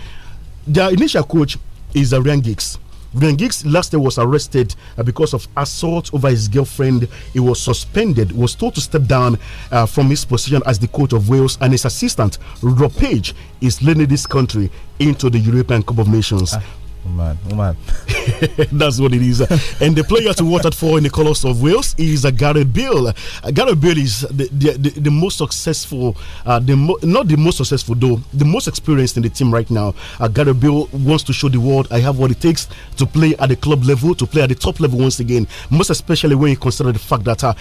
N: Their initial coach is Arian uh, Giggs. Ryan Giggs last year was arrested uh, because of assault over his girlfriend. He was suspended, was told to step down uh, from his position as the coach of Wales, and his assistant, Rob Page, is leading this country into the European Cup of Nations. Uh -huh. Woman, woman. That's what it is. and the player to watch out for in the colours of Wales is uh, Gareth Bale. Uh, Gareth Bale is the, the, the, the most successful, uh, the mo not the most successful though, the most experienced in the team right now. Uh, Gareth Bale wants to show the world I have what it takes to play at the club level, to play at the top level once again. Most especially when you consider the fact that uh,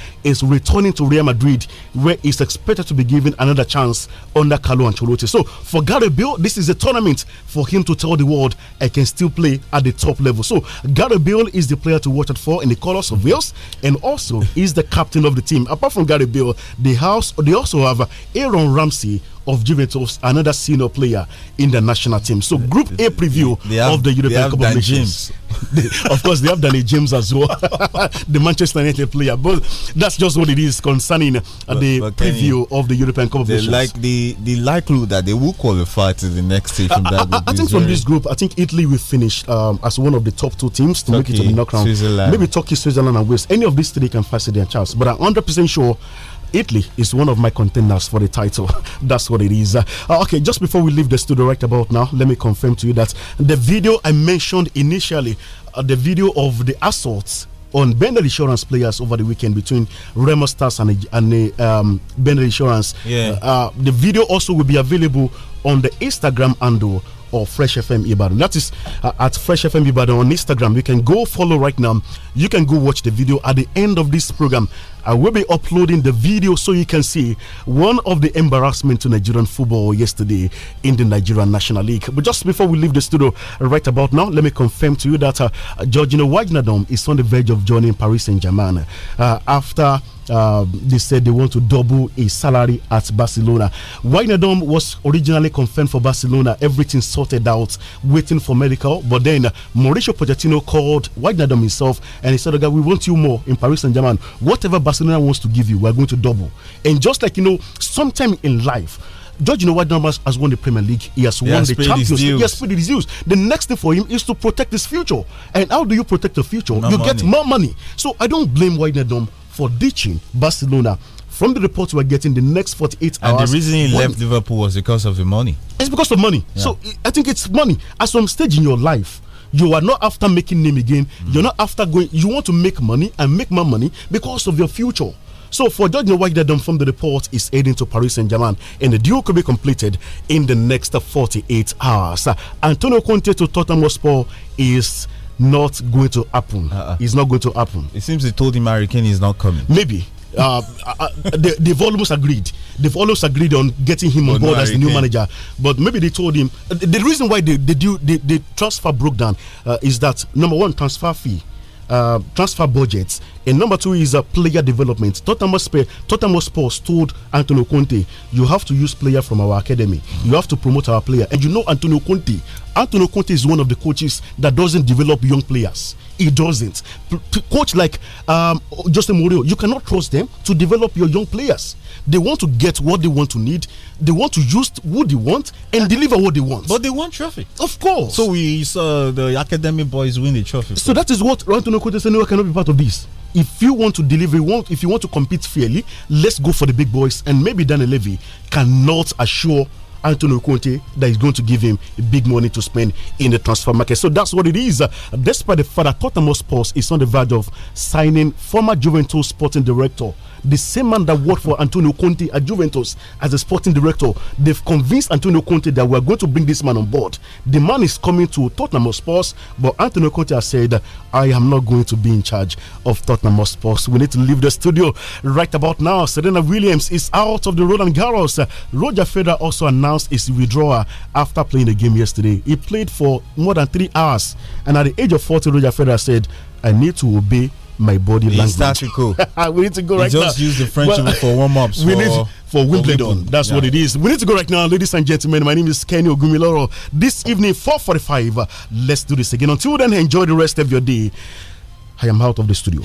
N: returning to Real Madrid, where he's expected to be given another chance under Carlo Ancelotti. So for Gareth Bale, this is a tournament for him to tell the world I can still play at the top level. So Gary Bill is the player to watch out for in the colours of Wales, and also is the captain of the team. Apart from Gary Bill, they house they also have Aaron Ramsey of Juventus, another senior player in the national team. So Group A preview have, of the European Cup of Nations. of course, they have Danny James as well, the Manchester United player. But that's just what it is concerning uh, but, the but preview you, of the European Cup of Nations. Like
A: the the likelihood that they will qualify to the next stage from that I, I, I think from this
N: group, I think Italy will finish um, as one of the top two teams to Turkey, make it to the knockout round. Maybe Turkey, Switzerland, and Wales. Any of these three can pass their chance. But I'm 100 percent sure Italy is one of my contenders for the title. That's what it is. Uh, okay, just before we leave the studio right about now, let me confirm to you that the video I mentioned initially, uh, the video of the assaults on Bender Insurance players over the weekend between Remo Stars and, and uh, um, Bender Insurance. Yeah. Uh, the video also will be available on the Instagram handle or Fresh FM Ibadan. That is uh, at Fresh FM Ibadan on Instagram. You can go follow right now. You can go watch the video at the end of this program. I will be uploading the video so you can see one of the embarrassment to Nigerian football yesterday in the Nigerian National League. But just before we leave the studio right about now, let me confirm to you that uh, Georgino Wagnadom is on the verge of joining Paris Saint Germain uh, after. Um, they said they want to double his salary at Barcelona. Wijnaldum was originally confirmed for Barcelona. Everything sorted out, waiting for medical. But then Mauricio Pochettino called Wijnaldum himself and he said, "Okay, we want you more in Paris Saint-Germain. Whatever Barcelona wants to give you, we're going to double." And just like you know, sometime in life. George you know what Numbers has won the Premier League. He has he won has the Champions League. He has paid his dues. The next thing for him is to protect his future. And how do you protect the future? No you money. get more money. So I don't blame Wijnaldum for ditching Barcelona. From the reports we're getting, the next 48 hours. And the reason he left
A: Liverpool was because of the money.
N: It's because of money. Yeah. So I think it's money. At some stage in your life, you are not after making name again. Mm. You're not after going. You want to make money and make more money because of your future. So for George Nwagidadum from the report is heading to Paris Saint-Germain and the deal could be completed in the next 48 hours. Antonio Conte to Tottenham Hotspur is not going to happen. Uh -uh. It's not going to happen. It seems they told him Harry Kane is not coming. Maybe. Uh, uh, uh they, have almost agreed. They've almost agreed on getting him on board no as the new manager. But maybe they told him uh, the, the reason why the the, the, the transfer broke down is that number one transfer fee. Uh, transfer budgets and number two is uh, player development. Tottenham Hotspur, Tottenham Hotspur told Antonio Conte, you have to use player from our academy. You have to promote our player. And you know Antonio Conte, Antonio Conte is one of the coaches that doesn't develop young players. He doesn't. P coach like um, Justin Mourinho, you cannot trust them to develop your young players. They want to get what they want to need. They want to use what they want and deliver what they want. But they want trophy,
A: of course. So we saw the academy boys win the
F: trophy.
N: So that is what Antonio Conte said. No, I cannot be part of this if you want to deliver, if you want to compete fairly, let's go for the big boys. And maybe Daniel Levy cannot assure Antonio Conte that is going to give him big money to spend in the transfer market. So that's what it is. Despite the fact that Tottenham Sports is on the verge of signing former Juventus sporting director the same man that worked for Antonio Conte at Juventus as a sporting director, they've convinced Antonio Conte that we're going to bring this man on board. The man is coming to Tottenham Sports, but Antonio Conte has said, I am not going to be in charge of Tottenham Sports. We need to leave the studio right about now. Serena Williams is out of the Roland Garros. Roger Federer also announced announced his withdrawal after playing the game yesterday. He played for more than three hours, and at the age of 40, Roger Federer said, I need to obey my body it's language. we need to go right just now. Just use the French well, for warm ups. We for, need for Wimbledon. Wimbledon. That's yeah. what it is. We need to go right now, ladies and gentlemen. My name is Kenny Ogumiloro. This evening, 4:45. Let's do this again. Until then, enjoy the rest of your day. I am out of the studio.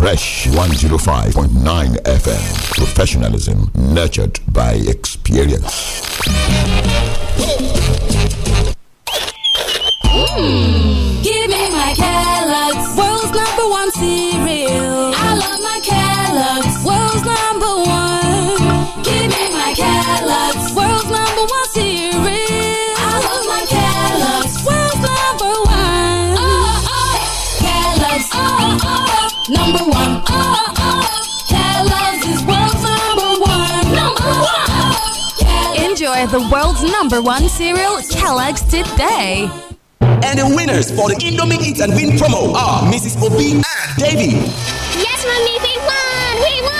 E: Fresh 105.9 FM. Professionalism nurtured by experience.
G: Mm. Give me my Kellogg's, world's number one cereal. I love my
F: Kellogg's,
G: world's number one. Give me my Kellogg's, world's number one cereal. I love my Kellogg's, world's number one. Oh, oh. Kellogg's, oh, oh number one. Oh, oh, oh. is world's number one. Number one. Enjoy the world's number one cereal, Kellogg's, today.
E: And the winners for the Indomie Eat and Win
M: promo are Mrs. Obi and Davy. Yes, Mommy, we won! We won!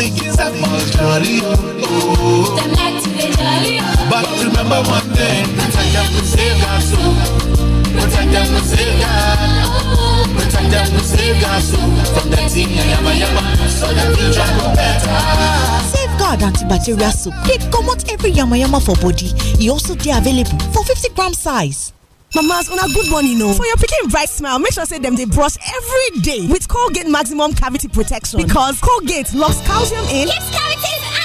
H: the kids that must jolly oh. oh. But remember one thing, protect them from save God's soul. Protect them from save God. Protect them from save God's soul. From that thing and yama yama, so that future go better.
I: Safeguard antibacterial soap. They come out every yama yama for body. It also they available for 50 gram size. Mamas, on a good morning, you know. For your picking bright smile, make sure say them they brush every day with Colgate Maximum Cavity Protection because Colgate locks calcium in.
C: Keeps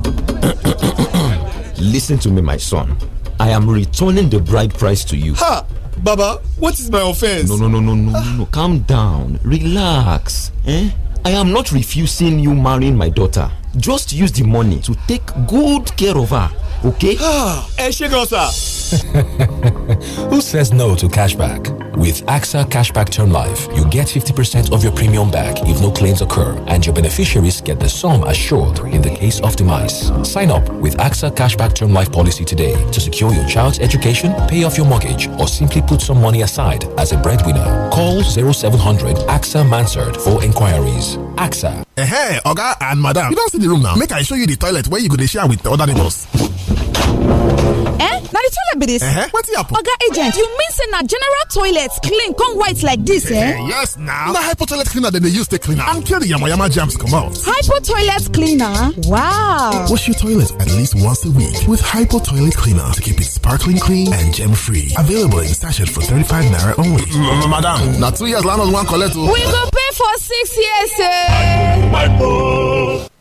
C: cavities out. Listen to me, my son. I am returning the bride price to you. Ha!
P: Baba, what is my offense? No, no,
C: no, no, no, no, no. Calm down. Relax. Eh? I am not refusing you marrying my daughter. Just use the money to take good care of her okay? ẹ ṣe gan sa. Who says no to cashback? With AXA Cashback Term Life, you get 50% of your premium back if no claims occur, and your beneficiaries get the sum assured in the case of demise. Sign up with AXA Cashback Term Life policy today to secure your child's education, pay off your mortgage, or simply put some money aside as a breadwinner. Call 0700 AXA Mansard for inquiries. AXA. Hey, Oga and Madam, you don't see the room now. Make I show you the toilet where you could share with the other neighbors.
G: Eh? now di toilet be dis uh-huh. wetin happen. oga agent you mean say na general toilets clean come white like this, eh, eh yes na na hypo toilet cleaner than they
B: use
C: to clean am and kill yama jams come out.
G: hypo toilet cleaner wow
C: wash your toilet at least once a week with hypo toilet cleaner to keep it sparkling clean and gem free available in sachet for 35 naira only madam now two years land on one o oh. we
G: go pay for six years eh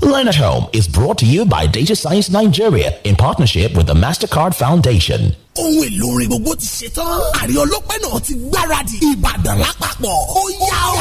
C: Learn at Home is brought to you by Data Science Nigeria in partnership with the MasterCard Foundation. ohun èlò orin gbogbo ti ṣe tán. àrí ọlọ́pẹ́ náà ti gbáradì. Ìbàdàn lápapọ̀ ó yá o.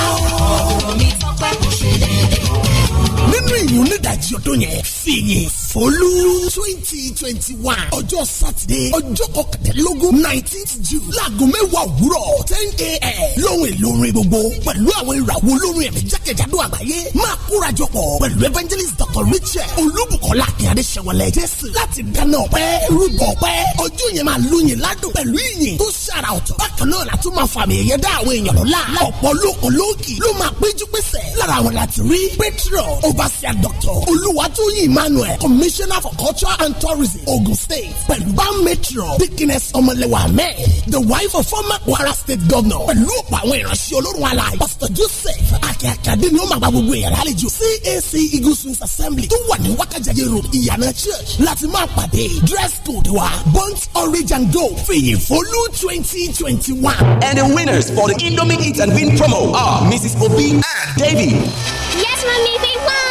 C: ọ̀rọ̀ mi tọ́pẹ́ kò ṣe déédéé. nínú ìyún nídàjí ọdún yẹn fìyìn fọlú twenty twenty one ọjọ́ sátidé ọjọ́ kọkàndínlógún nineteenth june láago mẹ́wàá òwúrọ̀ ten a.m. lóhùn èlò orin gbogbo pẹ̀lú àwọn ìràwọ̀ olórin ẹ̀mí jákèjádò àgbáyé máa kórajọ pọ̀ pẹ̀lú evangelist dr richard olúbùkọ́lá akínyàdé ṣẹ̀wọ̀lẹ̀ jésù láti dáná ọpẹ́ rúbọ ọpẹ́ ọjọ́ yẹn máa lóyin ládùn pẹ̀lú ìyìn tó ṣàrà ọ̀tọ̀ bákan náà la tún máa fàmì ẹ̀yẹ dá àwọn èèyàn lọ́lá ọ̀pọ̀ lóko lóòkì ló máa péjú pésẹ̀ lára àwọn láti rí petro ov herbassia doctor olùwàtúyìn emmanuel commissioner for culture and tourism ogun state pẹ̀lú Metro, matron dikines ọmọlẹ́wà ahmed the wife of former kwara state governor pẹ̀lú ọ̀pọ̀ àwọn ìránṣẹ́ olórun alaye pastor joseph akíakíadé ni ó máa gba gbogbo ìyàrá cac eagle swings assembly tó wà ní wákàjáde road ìyànà church láti máa pàdé dress code wa burnt
E: orange and gold fìyìn fólú twenty twenty one. and the winners for the indomie eat and win promo are mrs obi and
M: davy. yes mommy, we won.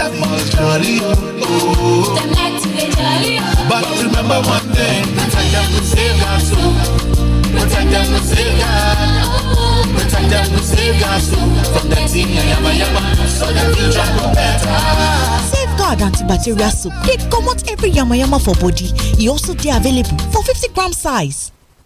H: that was jolly, oh. Them be jolly, But remember one thing, protect them from save God's soul. Protect them save God, Protect them save God's soul. From that thing, yama yama, so that future go better.
I: Safeguard antibacterial soap. They come out every yama yama for body.
M: He also they available for 50 gram size.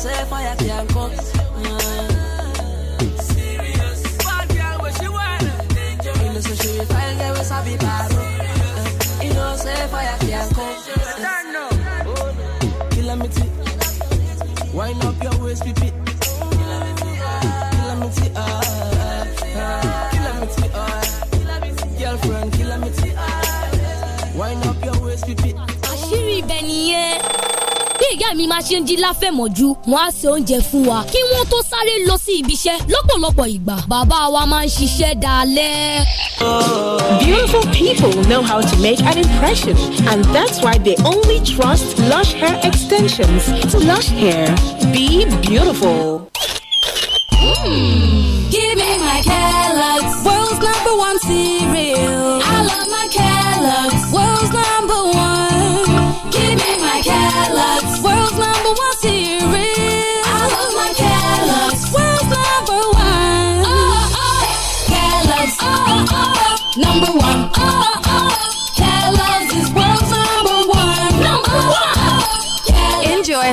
I: say fire can come. Serious. Bad girl, where she know, so she fine girl, where know, say fire can come. me, Wine up your waist, fit.
G: mi máa ṣe ń jí láfẹ̀mọ́jú wọ́n á se n ji won fún wa kí wọ́n tó sáré lọ sí ibi iṣẹ́ lọ́pọ̀lọpọ̀ ìgbà bàbá wa máa ń ṣiṣẹ́
I: dalẹ́. Beautiful people know how to make an impression and that's why they only trust Lush hair extensions. It's Lush hair. Be beautiful.
G: Mm.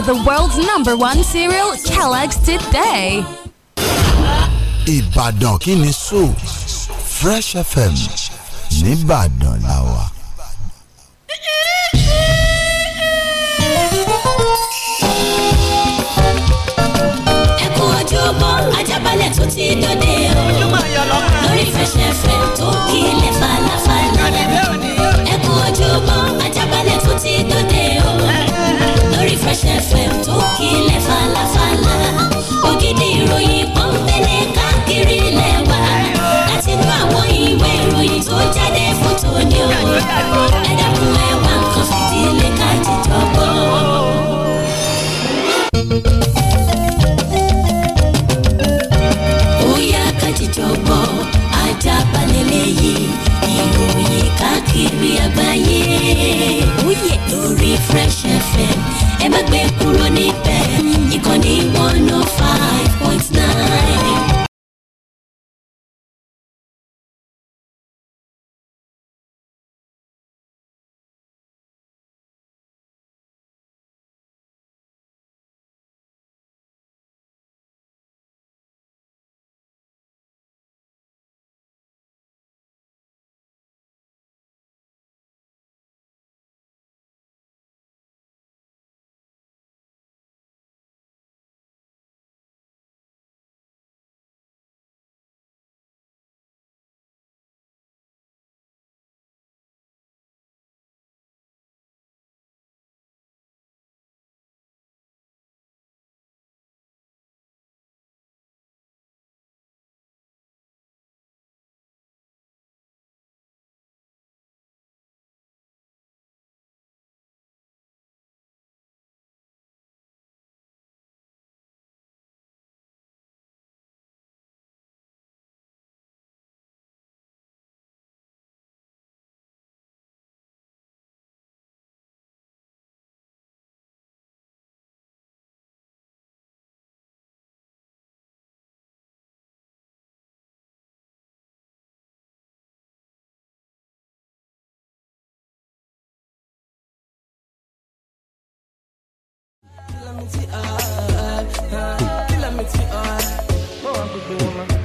G: the world's number one cereal, Kellogg's today.
N: Ìbàdàn kí ni so
L: Fresh FM nìbàdàn la wà.
G: Ẹ Ajábalẹ̀ tó ti dòde o lórí Fresh FM tó le falafala ẹ ojúbọ Ajábalẹ̀ tó ti dòde. Fresh FM tó kílẹ̀ falafala ògidì ìròyìn kan fẹ́lẹ̀ káàkiri lẹ́wà láti nú àwọn ìwé ìròyìn tó jáde fún tòní o ẹ dẹ́kun ẹ wá nǹkan
F: fìdílé ká jíjọ gbọ́. ó lórí Fresh FM ẹ má gbé kúrò níbẹ̀ ìkànnì one oh five point nine.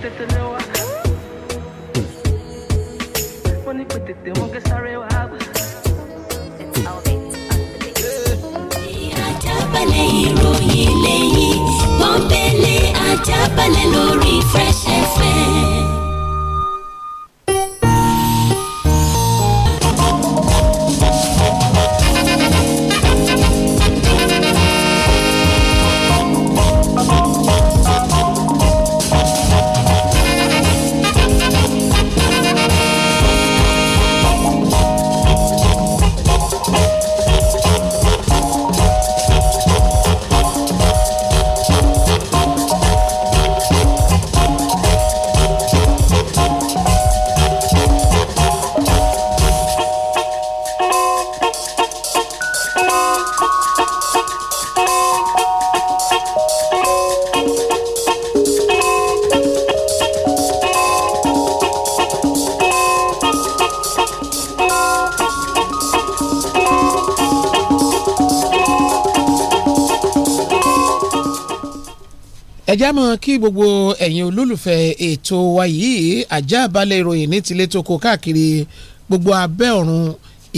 I: kutetetewa Wani ìròyìn lẹ́yìn pọ́npẹ́lẹ́ Ajábalẹ̀ lórí Fresh
P: kámọ kí gbogbo ẹ̀yin olólùfẹ́ ètò wa yìí ajá balẹ̀ ìròyìn ní tilé tó kó káàkiri gbogbo abẹ́ ọ̀run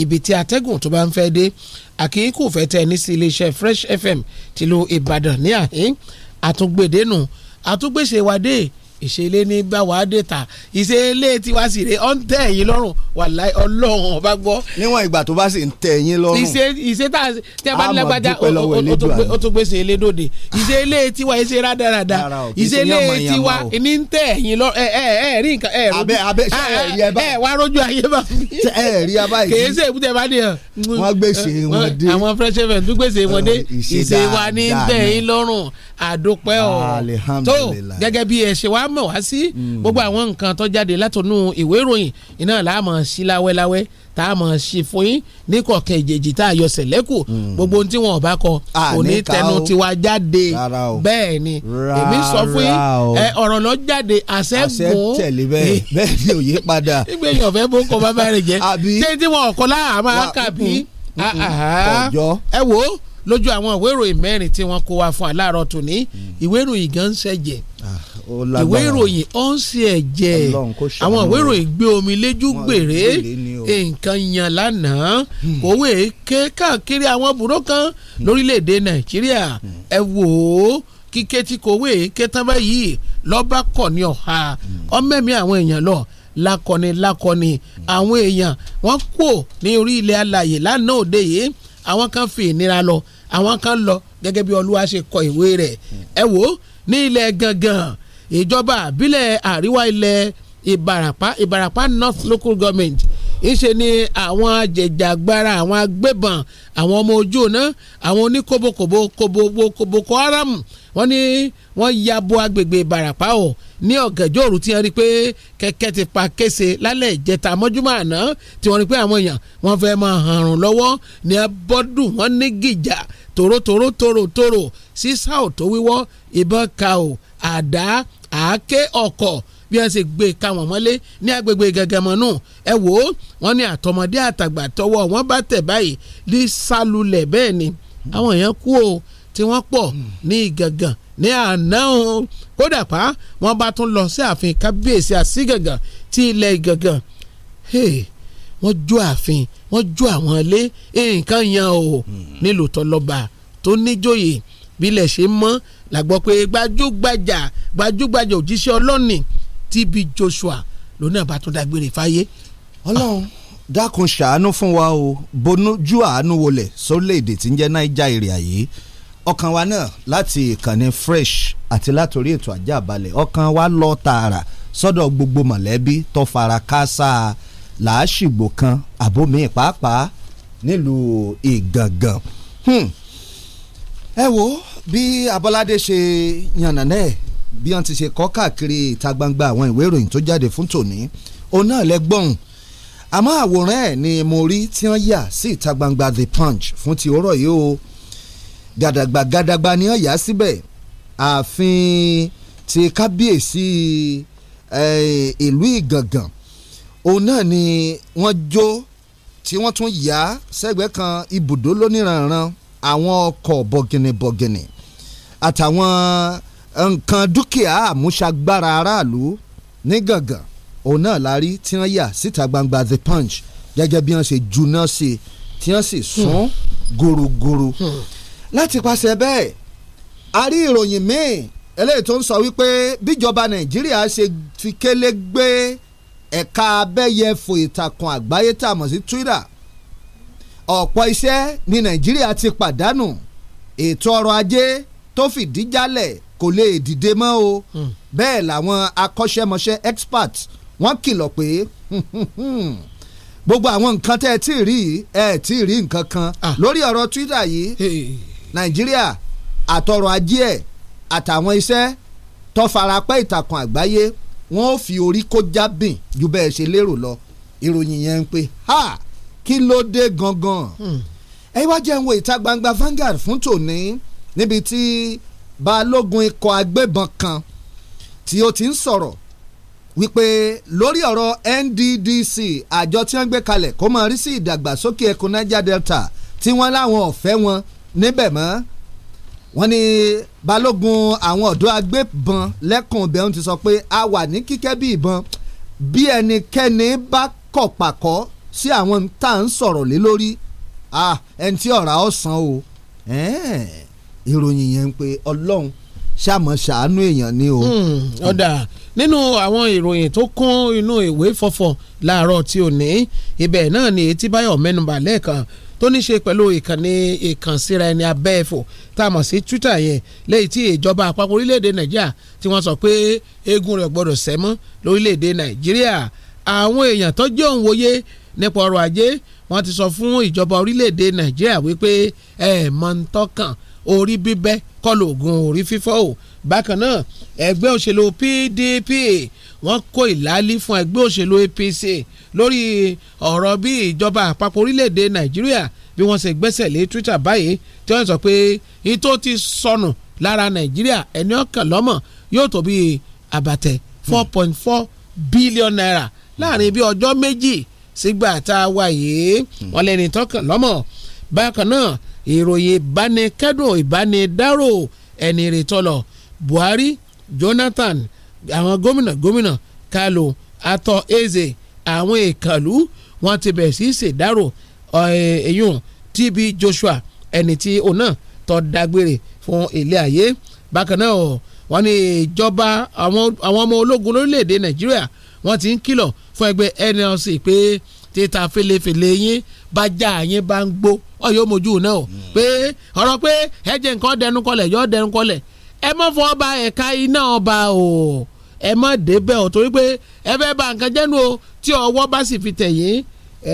P: ibi tí atẹ́gùn tó bá ń fẹ́ dé àkínkù fẹ́ ní sí iléeṣẹ́ Fresh FM tìlú Ìbàdàn ní àhín àtúngbèdénù àtúngbèsè wa dé ìṣẹ̀lẹ̀ ní báwa dé ta ìṣẹ̀lẹ̀ tiwa sì rè ọ́n tẹ́ ẹ̀yin lọ́rùn wàláì ọlọ́run ọba gbọ́. níwọ̀n ìgbà tó bá sì ń tẹ yín lọ́rùn. ìṣe ìṣe tá tẹ bá lágbájá ó tó gbèsè elédòde ìṣe ilé tiwa ìṣe rádaràda ìṣe ilé tiwa ní ń tẹ yín lọ ẹ ẹ ẹ rí nǹkan ẹ abẹ abẹ ṣe ẹ rí ẹ bá ẹ wá rójú ayé bá ẹ rí ẹ bá yìí kèé ṣe èkúté bá dé hàn. wọn gbèsè wọn dé àwọn fresh event tún gbèsè wọn dé ìṣe wa ní ń tẹ yín lọ́rùn àdópẹ́ ọ̀ tó gẹ́gẹ́ bí ẹ ṣe wá mọ̀ wá sí gbogbo àwọn nǹkan tó jáde látọ̀nù ìwé ìròyìn iná làá sí láwẹ́láwẹ́ tá a mọ̀ ṣe fún yín ní kọ̀kẹ́ ìjèjì tá a yọ sẹ̀lẹ́kù hmm. gbogbo ohun tí wọn bá kọ kò ní tẹnu tiwa jáde bẹ́ẹ̀ ni èmi sọ fún yín ọ̀rọ̀ lọ jáde àṣẹ́gun tẹ̀lé bẹ́ẹ̀ bẹ́ẹ̀ ni òye padà ìgbéyàn fẹ́ bó ń kọ bàbá rẹ̀ jẹ́ ṣé tí wọn ò kọ láàá máa kà bí ah, ah, ah. ẹ wò ó lójú àwọn ìwé ìròyìn mẹ́rin tí wọ́n kó wa fún aláàárọ̀ tòní hmm. ìwé ìròyìn gan ń ṣẹ̀jẹ̀ ìwé ìròyìn ọ̀nsì ẹ̀jẹ̀ àwọn ìwé ìròyìn gbé omi léjú gbèrè nǹkan yan lánàá owó hmm. èké káàkiri àwọn bùrọ̀ kan hmm. lórílẹ̀‐èdè nàìjíríà hmm. ẹ wò ó kíké tí kò wé èké tán báyìí lọ́ba kọ̀ ní ọ̀ha ọmẹ́mi àwọn èèyàn lọ lakọni lakọni àwọn èèyàn wọ́n kò ní orí ilẹ̀ alàyè lánàá òde yìí àwọn kan fi ìnira lọ àwọn kan lọ gẹ́gẹ́ bí olúwa ṣe kọ ìwé rẹ̀ ẹ wò ó ní ilẹ̀ gangan ìjọba àbílẹ̀ àríwá ilẹ̀ ìbàràpá ìbàràpá north local government ìṣe ni àwọn ajẹjàgbara àwọn agbébọn àwọn ọmọ ojú ọ̀nà àwọn oníkóbókòbó kòbókòbókò haram wọ́n ní wọ́n ya bo agbègbè ìbàràpá o ní ọ̀gànjọ́ òru tí wọ́n rí pé kẹ̀kẹ́ ti pa kése lálẹ́ ìjẹta mọ́júmọ́ àná tí wọ́n rí pé àwọn èèyàn wọ́n fẹ́ máa hàrùn lọ́wọ́ ní abọ́dún wọ́n ní gìjà tòrótòró tòrótòró sísá ò tó wíwọ́ ìbọn ka ò àdá àáké ọkọ̀ bí wọ́n ṣe gbé káwọn mọ́lé ní agbègbè gẹ̀gẹ̀mọ́ nù ẹ wò ó wọ́n ní àtọmọdé àtàgbà tọwọ́ wọ́n bá tẹ̀ báyìí ní sálulẹ̀ bẹ́ẹ̀ ni àwọn èèyàn kú o tí wọ́n pọ̀ ní gàngàn ní àná o kódà pa wọ́n bá tún lọ sí ààfin kábíyèsí àsígàngàn ti ilẹ̀ gàngàn. Hey wọ́n jó ààfin wọ́n jó àwọn ilé nǹkan yan o hmm. nílùú tọlọba tó níjòyè bílẹ̀ ṣe mọ́ la gbọ́ pé gbajúgbajà gbajúgbajà òjíṣẹ́ ọlọ́ọ̀nì TB Joshua ló náà bá tún dágbére fáyé. ọlọ́run dákun ṣàánú fún wa o bonújú àánú
L: wọlé sórílẹ̀‐èdè tí ń jẹ́ naija èrè àyè ọkàn wa náà láti ìkànnì fresh àti látòrí ètò àjàbalẹ̀ ọkàn wa lọ tààrà sọ́dọ̀ gbogbo mọ̀lẹ́bí tó fara káásá làásìgbò kan àbómi pàápàá nílùú ìgàngàn hmm. ẹ wo bí Abọ́ládé ṣe yànnàná ẹ̀ bí wọ́n ti ṣe kọ́ káàkiri ìta gbangba àwọn ìwé ìròyìn tó jáde fún tòní òun náà lẹ́gbọ̀n àmọ́ àwòrán ẹ̀ ni mo rí tí wọ́n yà sí ìta gbangba The Punch fún ti òórọ̀ yìí o gàdàgbà gàdàgbà ni wọ́n yà síbẹ̀ ààfin ti kábíyèsí ìlú Ìgàngàn òun náà ni wọ́n jó tí wọ́n tún yá sẹ́gbẹ́ kan ibùdó lóníranran àwọn ọkọ̀ bọ̀gìnìbọ̀gìnì àtàwọn eh, nǹkan dúkìá àmúṣagbára aráàlú ní gàngàn òun náà la rí tí wọ́n yà síta gbangba the punch gẹ́gẹ́ bí wọ́n ṣe juná sí i tí wọ́n sì sún gòrògòrò hmm. hmm. láti pàṣẹ bẹ́ẹ̀ a rí ìròyìn míì eléyìí tó ń sọ wípé bíjọba nàìjíríà ṣe fi kélé gbé ẹ̀ka abẹ́yẹfò ìtàkùn àgbáyé tá a mọ̀ sí Twitter ọ̀pọ̀ iṣẹ́ ni Nàìjíríà ti pàdánù ètò ọrọ̀ ajé tó fìdí jálẹ̀ kò lè dìde mọ́ o hmm. bẹ́ẹ̀ làwọn akọ́ṣẹ́mọṣẹ́ experts wọ́n kìlọ̀ pé gbogbo àwọn nǹkan tẹ́ ẹ ti rí ẹ ti rí nǹkan kan ah. lórí ọ̀rọ̀ Twitter yìí Nàìjíríà àtọrọ̀ ajé ẹ̀ àtàwọn iṣẹ́ tó farapẹ́ ìtàkùn àgbáyé wọ́n ò fi orí kó jábìn ju bẹ́ẹ̀ ṣe lérò lọ ìròyìn yẹn ń pè ha kí ló dé gangan hmm. ẹ wá jẹ́ ń wo ìta gbangba Vanguard fún tòní níbi tí balógun ikọ̀ agbébọn kan tí ó ti ń sọ̀rọ̀ wípé lórí ọ̀rọ̀ NDDC àjọ tí wọ́n gbé kalẹ̀ kó máa rí sí ìdàgbàsókè ẹkùn Niger Delta tí wọ́n láwọn ọ̀fẹ́ wọn níbẹ̀ mọ́ wọ́n ní balógun àwọn ọ̀dọ́ agbébọn lẹ́kùn bẹ́ẹ̀ ti sọ pé a wà ní kíkẹ́ bí ìbọn bí ẹnikẹ́ni bá kọ̀ pàkọ́ sí àwọn tá à ń sọ̀rọ̀ lé lórí ẹni tí ọ̀rá ọ̀sán o ìròyìn yẹn ń pe ọlọ́run ṣàmọ̀ ṣàánú èèyàn ni o. ọ̀dà
P: hmm, nínú àwọn ìròyìn tó kún inú ìwé fọ̀fọ̀ láàárọ̀ tí ò ní ibẹ̀ náà ni etí báyọ̀ mẹ́nubà lẹ́ẹ̀kan tó ní ṣe pẹ̀lú ìkànnì ìkànsíra ẹni abẹ́ẹ̀fò tá a mọ̀ sí Twitter yẹn lẹ́yìn tí ìjọba àpapọ̀ orílẹ̀-èdè Nàìjíríà tí wọ́n sọ pé eegun rẹ̀ gbọ́dọ̀ sẹ́ mọ́ lórílẹ̀-èdè Nàìjíríà àwọn èèyàn tó jẹ́ òun wòye nípa ọrọ̀ ajé wọ́n ti sọ fún ìjọba orílẹ̀-èdè Nàìjíríà wípé ẹ̀ mọ̀ ń tọ́kàn orí bíbẹ́ kọlu oògùn orí fífọ́ o bákan náà ẹgbẹ́ òṣèlú PDP wọ́n kó ìlàlí fún ẹgbẹ́ òṣèlú APC lórí ọ̀rọ̀ bí ìjọba àpapọ̀ orílẹ̀-èdè nàìjíríà bí wọ́n ṣe gbẹ́sẹ̀ lé twitter báyìí tí wọ́n sọ pé ìtò ti sọnù lára nàìjíríà ẹni ọkàn lọ́mọ̀ yóò tó bí àbàtẹ̀ hmm. four point four billion naira láàrin bí ọjọ́ méjì sígbà tá a wà yìí hmm. wọ́n lẹ́ni tọkàn lọ́mọ̀ bákan náà ìròyìn ìbánikẹ́dùn ìbánidárò ẹni ìrètọ́lọ̀ buhari jonathan àwọn gómìnà gómìnà kalu ato eze àwọn ìkànnlú wọn ti bẹ̀rẹ̀ sí ṣèdárò ẹ̀yùn TB Joshua ẹni tí òun náà tó dágbére fún ilé ayé bákan náà wọ́n ní ìjọba àwọn ọmọ ológun lórílẹ̀‐èdè Nàìjíríà wọ́n ti ń kìlọ̀ fún ẹgbẹ́ NLC pé títa felefele yín bá já yín bá ń gbó ọyọ mojú náà hmm. pé ọ̀rọ̀ pé ẹ jẹ́ nǹkan dẹnu kọlẹ̀ yọ dẹnu kọlẹ̀ ẹ mọ̀ fọ́ ọba ẹ̀ka iná ọba o ẹ má débẹ̀ o torí pé ẹ fẹ́ bà nǹkan jẹ́nu o tí ọwọ́ bá sì fi tẹ̀yìn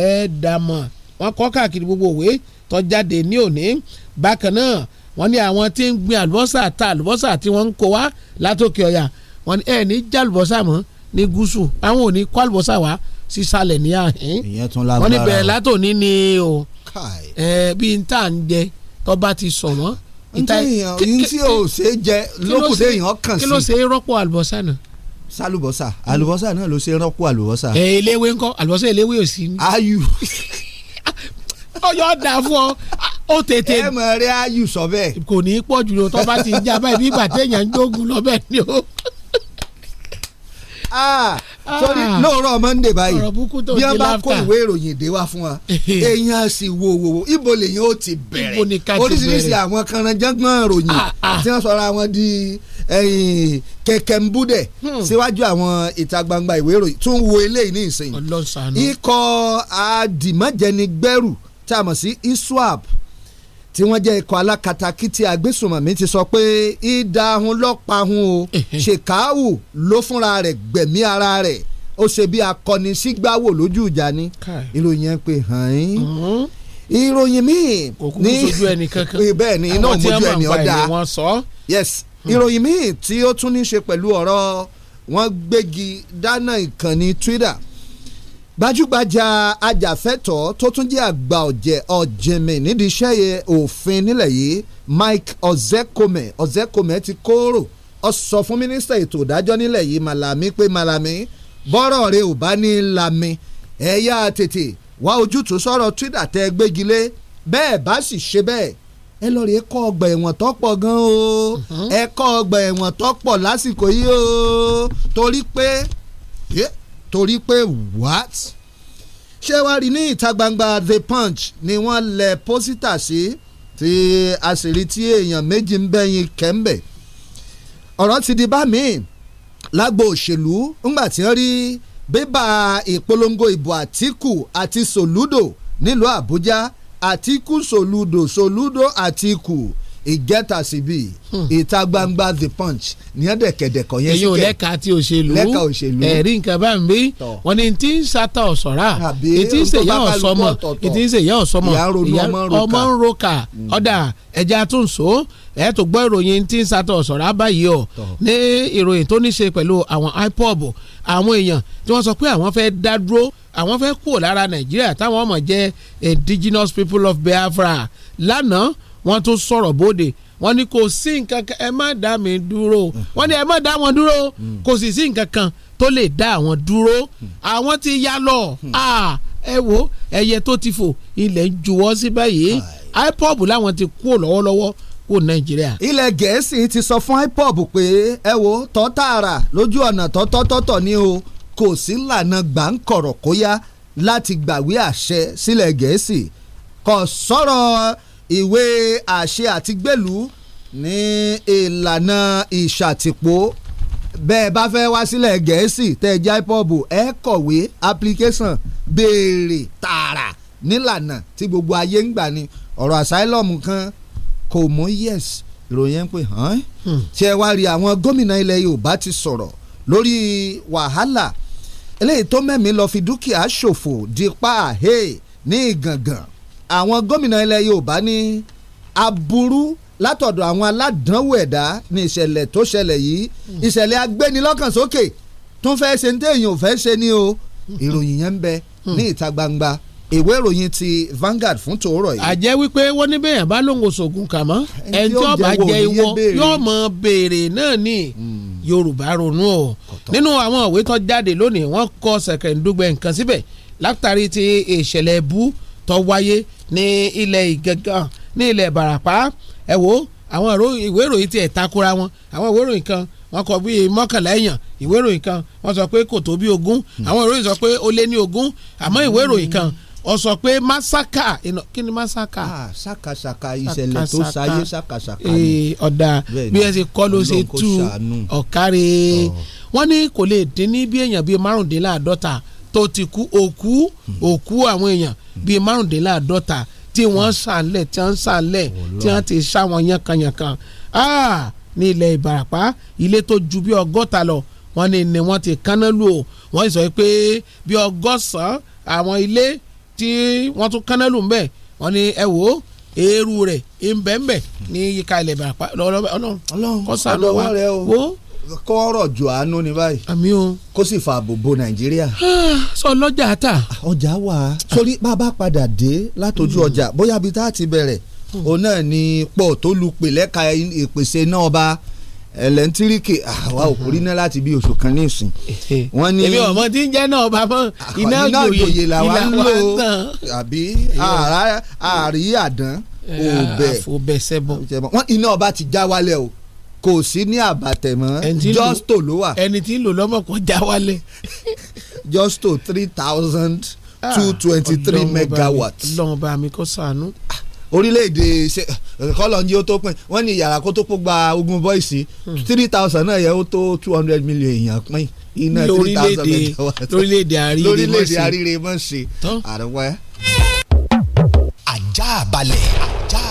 P: ẹ dàmọ̀ wọ́n kọ́ káàkiri gbogbo òwe tó jáde ní òní bákan náà wọ́n ní àwọn tí ń gbin àlùbọ́sà ta àlùbọ́sà tí wọ́n ń kó wá látòkè ọ̀yà wọ́n ní ẹ ní jálùbọ́sà mọ́ ní gúúsù àwọn ò ní kó àlùbọ́sà wá sísàlẹ̀ ní àhín wọ́n ní bẹ̀rẹ̀ látòní ni o bí n tà ń jẹ tó bá ti sọ̀ wọ́n. n tí o ṣe jẹ lókùté èèyàn kàn sí. kí ló ṣe é rọ́pò àlùbọ́sà náà sálùbọ́sà àlùbọ́sà náà ló ṣe rọ́pò àlùbọ́sà. ẹ eléwé ńkọ́ àlùbọ́sà eléwé ò sí. ayù. ọyọ dà fún ọ ó tètè. ẹ mọ̀ rẹ ayù sọ bẹ́ẹ̀. kò ní í pọ̀ jù lọ tó bá ti já báyìí bí ìgbà téèyàn ń jógun lọ bẹ́ẹ̀ ni o. Ah, sori ah. lóòrọ̀
L: monday báyìí bí wọ́n bá kó ìwé ìròyìn dé wá fún wa èèyàn sì wo wo wo ibo lèyàn ó ti bẹ̀rẹ̀ oríṣiríṣi àwọn kanranjẹ́gbọ́n ìròyìn ah, tí wọ́n sọra wọn di kẹ̀kẹ́ ń búdẹ̀ hmm. síwájú àwọn ìta gbangba ìwé ìròyìn tún wo eléyìí ní ìsìn ikọ̀ àdìmọ́jẹnigbẹ́rù tá a mọ̀ sí iswap tí wọ́n jẹ́ ikọ̀ alákatakí tí agbésùnmọ̀mí ti sọ pé ìdáhùn lọ́pàáhùn o ṣèkáwù ló fúnra rẹ̀ gbẹ̀mí ara rẹ̀ ó ṣe bí akọni sígbáwò lójú ìjà ni ìròyìn yẹn pé hàn yín ìròyìn míì
P: ní bẹ́ẹ̀ ni iná òmojú ẹni ọ̀dà
L: yes ìròyìn míì tí ó tún ní ṣe pẹ̀lú ọ̀rọ̀ wọn gbégi dáná ìkànnì Twitter gbajúgbajà ajàfẹ́tọ̀ọ́ tó tún jẹ́ àgbà ọ̀jẹ̀ ọ̀jẹ̀mẹ̀ nídìí iṣẹ́ òfin nílẹ̀ yìí Mike Ozekome Ozekome ti kóró ọ sọ fún mínísítà ètò ìdájọ́ nílẹ̀ yìí Malami pé Malami bọ́rọ̀ rẹ ò bá ní í lami ẹ̀yà tètè wá ojútùú sọ̀rọ̀ Twitter tẹ́ gbégi lé bẹ́ẹ̀ bá sì ṣe bẹ́ẹ̀ ẹ lọ rèé kọ́ ọgbà ẹ̀wọ̀n tó pọ̀ gan o ẹ kọ́ ọgbà ẹ̀wọ̀n tó pọ̀ lásìkò yìí o torí pé torí pé what ṣé wàá rí ní ìta gbangba the punch ni wọ́n lẹ pósítà sí tí a sì rí tí èèyàn méjì ń bẹ́yìn kẹ́ńbẹ̀ ọ̀rọ̀ ti di bá mi lágbo òṣèlú ńgbà tí wọ́n rí bébà ìpolongo ìbò Àtíkù àti Sòlúdò nílùú Àbújá Atiku Soludo, Soludo Atiku ìjẹta síbi ìta gbangba the punch
P: ní ẹ̀dẹ̀kẹ̀dẹ̀kọ̀ yẹn síkẹ̀. èyí ò lẹ́ka tí òṣèlú lẹ́ka òṣèlú ẹ̀rí nǹkan bá ń bí wọ́n ní tí ń sata ọ̀sọ̀rá ètí ń sèyá ọ̀sọ́mọ ètí ń sèyá ọ̀sọ́mọ ọmọ ń roka hmm. ọ̀dà ẹja àtúnṣó ẹ tó gbọ́ ìròyìn tí ń sata ọ̀sọ̀rá báyìí ọ̀ ní ìròyìn tó ní ṣe pẹ̀lú àwọn IPOB àwọn èèyàn tí wọ́n sọ pé àwọn fẹ́ dá dúró àwọn fẹ́ kúrò lára Nàìjíríà táwọn ọmọ jẹ́ indigenous people of Biafra lánàá wọ́n tún sọ̀rọ̀ bóde wọ́n ní kò sí nǹkan kan ẹ má dá mi dúró wọ́n ní ẹ má dá wọn dúró kò sì sí nǹkan kan tó lè dá àwọn dúró àwọn ti yá lọ ẹ wo ẹyẹ tó ti fò ilẹ̀ ń juwọ́ sí báyìí ipob làwọn ti kú lọ́wọ́lọ́wọ́ kó nàìjíríà. ilẹ̀ gẹ̀ẹ́sì ti sọ fún ipob pé
L: ẹ wo tọ́ tààrà lójú ọ̀nà tọ́tọ́tọ́tọ̀ ni o kò sí lànà gbàǹkọ̀rọ̀ kóyá láti gbàwé àṣẹ sílẹ̀ gẹ̀ẹ́sì kò sọ̀rọ̀ ìwé àṣẹ àti gbèlú ní ìlànà ìṣàtìpó bẹ́ẹ̀ bá fẹ́ wá sílẹ̀ gẹ̀ẹ́sì tẹ́ ẹ já pọ́ọ̀bù ẹ kọ̀wé application béèrè tààrà nílànà tí gbogbo ayé ń gbà ni ọ̀rọ̀ asylum kan kò mú yes ìròyìn pé hàn tí hmm. ẹ wá rí àwọn gómìnà ilẹ̀ Yorùbá ti sọ̀rọ̀ lórí wàhálà eléyìí tó mẹ́mí lọ fi dúkìá ṣòfò dípà hey ní ìgàngàn àwọn gómìnà ilẹ̀ Yorùbá ní aburú látọ̀dọ̀ àwọn aládánwò ẹ̀dá ní ìṣẹ̀lẹ̀ tó ṣẹlẹ̀ yìí hmm. ìṣẹ̀lẹ̀ agbénilọ́kànsókè tún fẹ́ ṣe ní téèyàn ò fẹ́ ṣe ni o hmm. ìròyìn yẹn ń bẹ hmm. ní ìta gbangba ìwé ìròyìn ti Vanguard fún tòórọ̀ yìí. àjẹ́ wípé
P: wọ́n ní bẹ́ẹ̀ bá lóun òṣògùn kà mọ́ ẹni tí ọba jẹ ìwọ yóò mọ béèrè náà ní Yorùbá ronú o nínú àwọn òwe tó jáde lónìí wọ́n kọ sẹ̀kẹ̀ndúgbẹ̀ nǹkan síbẹ̀ látàrí ti ìṣẹ̀lẹ̀ bú tó wáyé ní ilẹ̀ Ìgangan ní ilẹ̀ Ìbàràpá ẹ wo àwọn ìwé ìròyìn tiẹ̀ takora wọn àwọn ìwé ìròyìn kan wọ́n kọ bíi mọ́kànlá èèyàn ìwé ìròyìn kan wọ́n sọ pé kò tó bí ogún hmm. àwọn ìròyìn sọ pé ó lé ní ogún àmọ́ ìwé ìròyìn kan ó sọ pé masaka kí ni masaka. sakasaka ah, ìṣẹ̀lẹ̀ tó ṣayé sakasaka ni. Eh, ọ̀dà bí ẹ ṣe kọ́ ló ṣe tú ọ̀kárẹ́ wọ́n ní kò lè dín ní bí èèyàn bíi márùndínláàdọ́ta tó ti kú òkú òkú àwọn èèyàn bíi márùndínláàdọ́ta tí wọ́n sàlẹ̀ tí wọ́n sàlẹ̀ tí wọ́n ti sá wọn yankanyankan ah, ní ilẹ̀ Ìbàràpá ilé tó ju bí ọgọ́ta lọ wọ́n ní ni wọ́n ti kaná lù ó wọ́n sọ pé bí ọgọ́sàn àwọn ilé tí wọ́n tún kaná lù ń bẹ̀ wọ́n ní ẹ wò ó eérú rẹ̀ ń bẹ́ẹ̀ bẹ́ẹ̀ ní yíká ilẹ̀ Ìbàràpá ọlọ́run kọ́sà lọ́wọ́
L: wo kọ́rọ̀ jù àánú ni báyìí. àmì o. kó sì fa àbòbò nàìjíríà.
P: sọ lọ́jà ta. ọjà wà á
L: sórí bá a bá padà dé látọjú hmm. ọjà bóyá bíi tá a ti bẹ̀rẹ̀ hmm. òun náà ni pọ̀ tó lu pèlẹ́ka ìpèsè náà bá ẹlẹntiriki àwa ò kúrí náà láti bí oṣù kan nísìn. wọ́n ní èmi ọmọ
P: tí ń jẹ́ náà bá mọ́
F: iná ìjòyè làwa ń lò
L: àbí àárí àdán eh, òbẹ̀ iná ọba ti já wálẹ̀ o kò sí ní àbàtẹ̀ mọ́
P: justo ló wà. ẹni tí ń lò lọ́mọ kò já wálé. justo three thousand ah, two twenty three megawatts. lọ́mọ bá mi kọ́ sànú. Ah,
L: orílẹ̀-èdè eh, kọ́lọ́njì ó tó pin wọ́n ní yàrá kó tó pọ̀ gba ogun bọ́ìsì hmm. three thousand náà yẹ ó tó two hundred million èèyàn pin iná three thousand megawatts. lórílẹ̀-èdè àríre mọ̀ sí. àríwá. ajá balẹ̀ ajá
H: balẹ̀.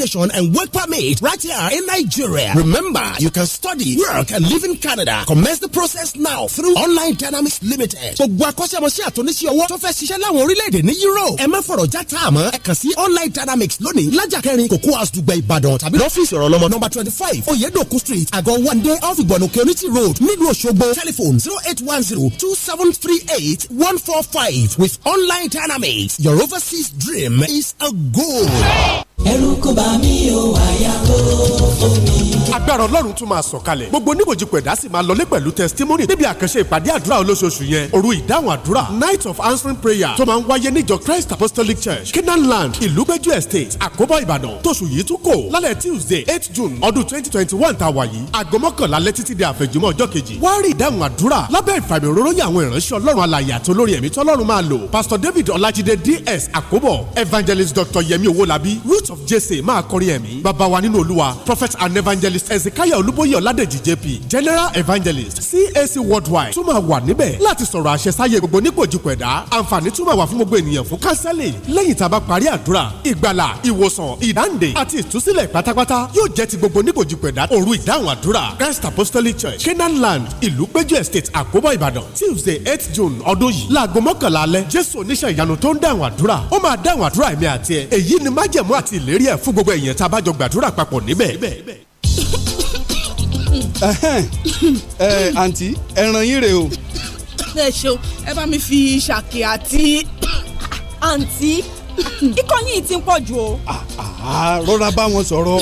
C: accommodation, and work permit right here in Nigeria. Remember, you can study, work, and live in Canada. Commence the process now through Online Dynamics Limited. So, akọ́ṣẹ́mọṣẹ́ àtúnṣe ọwọ́ tó fẹ́ ṣiṣẹ́ láwọn
P: orílẹ̀-èdè ní Europe. ẹ má fọ̀rọ̀ jata tá a mọ́
C: ẹ Online Dynamics lónìí lájà kẹrin kòkó Dubai badon tàbí lọ́fíìsì Office number number twenty five Oyedoku street àgọ́ one day off ìgbọ̀nùkẹ́ oníṣì road nílùú Showbo. telephone zero eight one zero two seven three eight one four five with Online Dynamics your overseas dream is a goal.
I: bàbá mi ò wáyà tó
C: fún mi. agbára ọlọ́run tún máa
N: sọ̀kalẹ̀ gbogbo oníbòjì pẹ̀dá sì máa lọlé pẹ̀lú testimony níbi àkànṣe ìpàdé àdúrà olóṣooṣù yẹn òru ìdáhùn àdúrà night of answering prayer tó máa ń wáyé níjọ christ apostolic church canaan land ìlúgbẹ́jú estate àkóbọ̀ ìbàdàn tóṣù yìí tún kò lálẹ́ tuesday eight june ọdún twenty twenty one tá a wà yìí aago mọ́kànlá lẹ́ títí di àfẹ̀jùmọ́ ọjọ́ kejì wá rí ìdáhùn àdúrà lábẹ́ ìfàmìróróyìn pastor david ọlájídé ds àkóbọ̀ evangelist dr yemi owolabi root of jesse máa máa kọrin ẹ̀mí bàbá wa nínú olúwa prophet and evangelist ezekiah olúbóyè ọládèjì jp general evangelist cac worldwide tún máa wà níbẹ̀ láti sọ̀rọ̀ àṣẹ sáyé gbogbo nípòjìpọ̀ ẹ̀dá àǹfààní tún máa wà fún gbogbo ènìyàn fún kánsẹ́lì lẹ́yìn tá a bá parí àdúrà ìgbàlà ìwòsàn ìdáǹdè àti ìtúsílẹ̀ pátápátá yóò jẹ́ ti gbogbo nípòjìpọ̀ ẹ̀dá òru christ apostolic church canaan land estate àkóbọ̀ ìbàdàn tuesday eight june ọdún yìí láago mọ́kànlá alẹ́ jésù oníṣẹ́ ìyanu tó ń dáhùn àdúrà ó máa dáhùn àdúrà ẹ̀mí àti gbogbo èèyàn tá a bá jọ gbàdúrà papọ̀ níbẹ̀ àǹtí ẹran yín rèé o.
M: ẹ ṣeun ẹ bá
I: mi fi ṣàkè àti. àǹtí ikọ́ yín ti ń pọ̀ jù o.
C: rọra bá wọn sọ̀rọ̀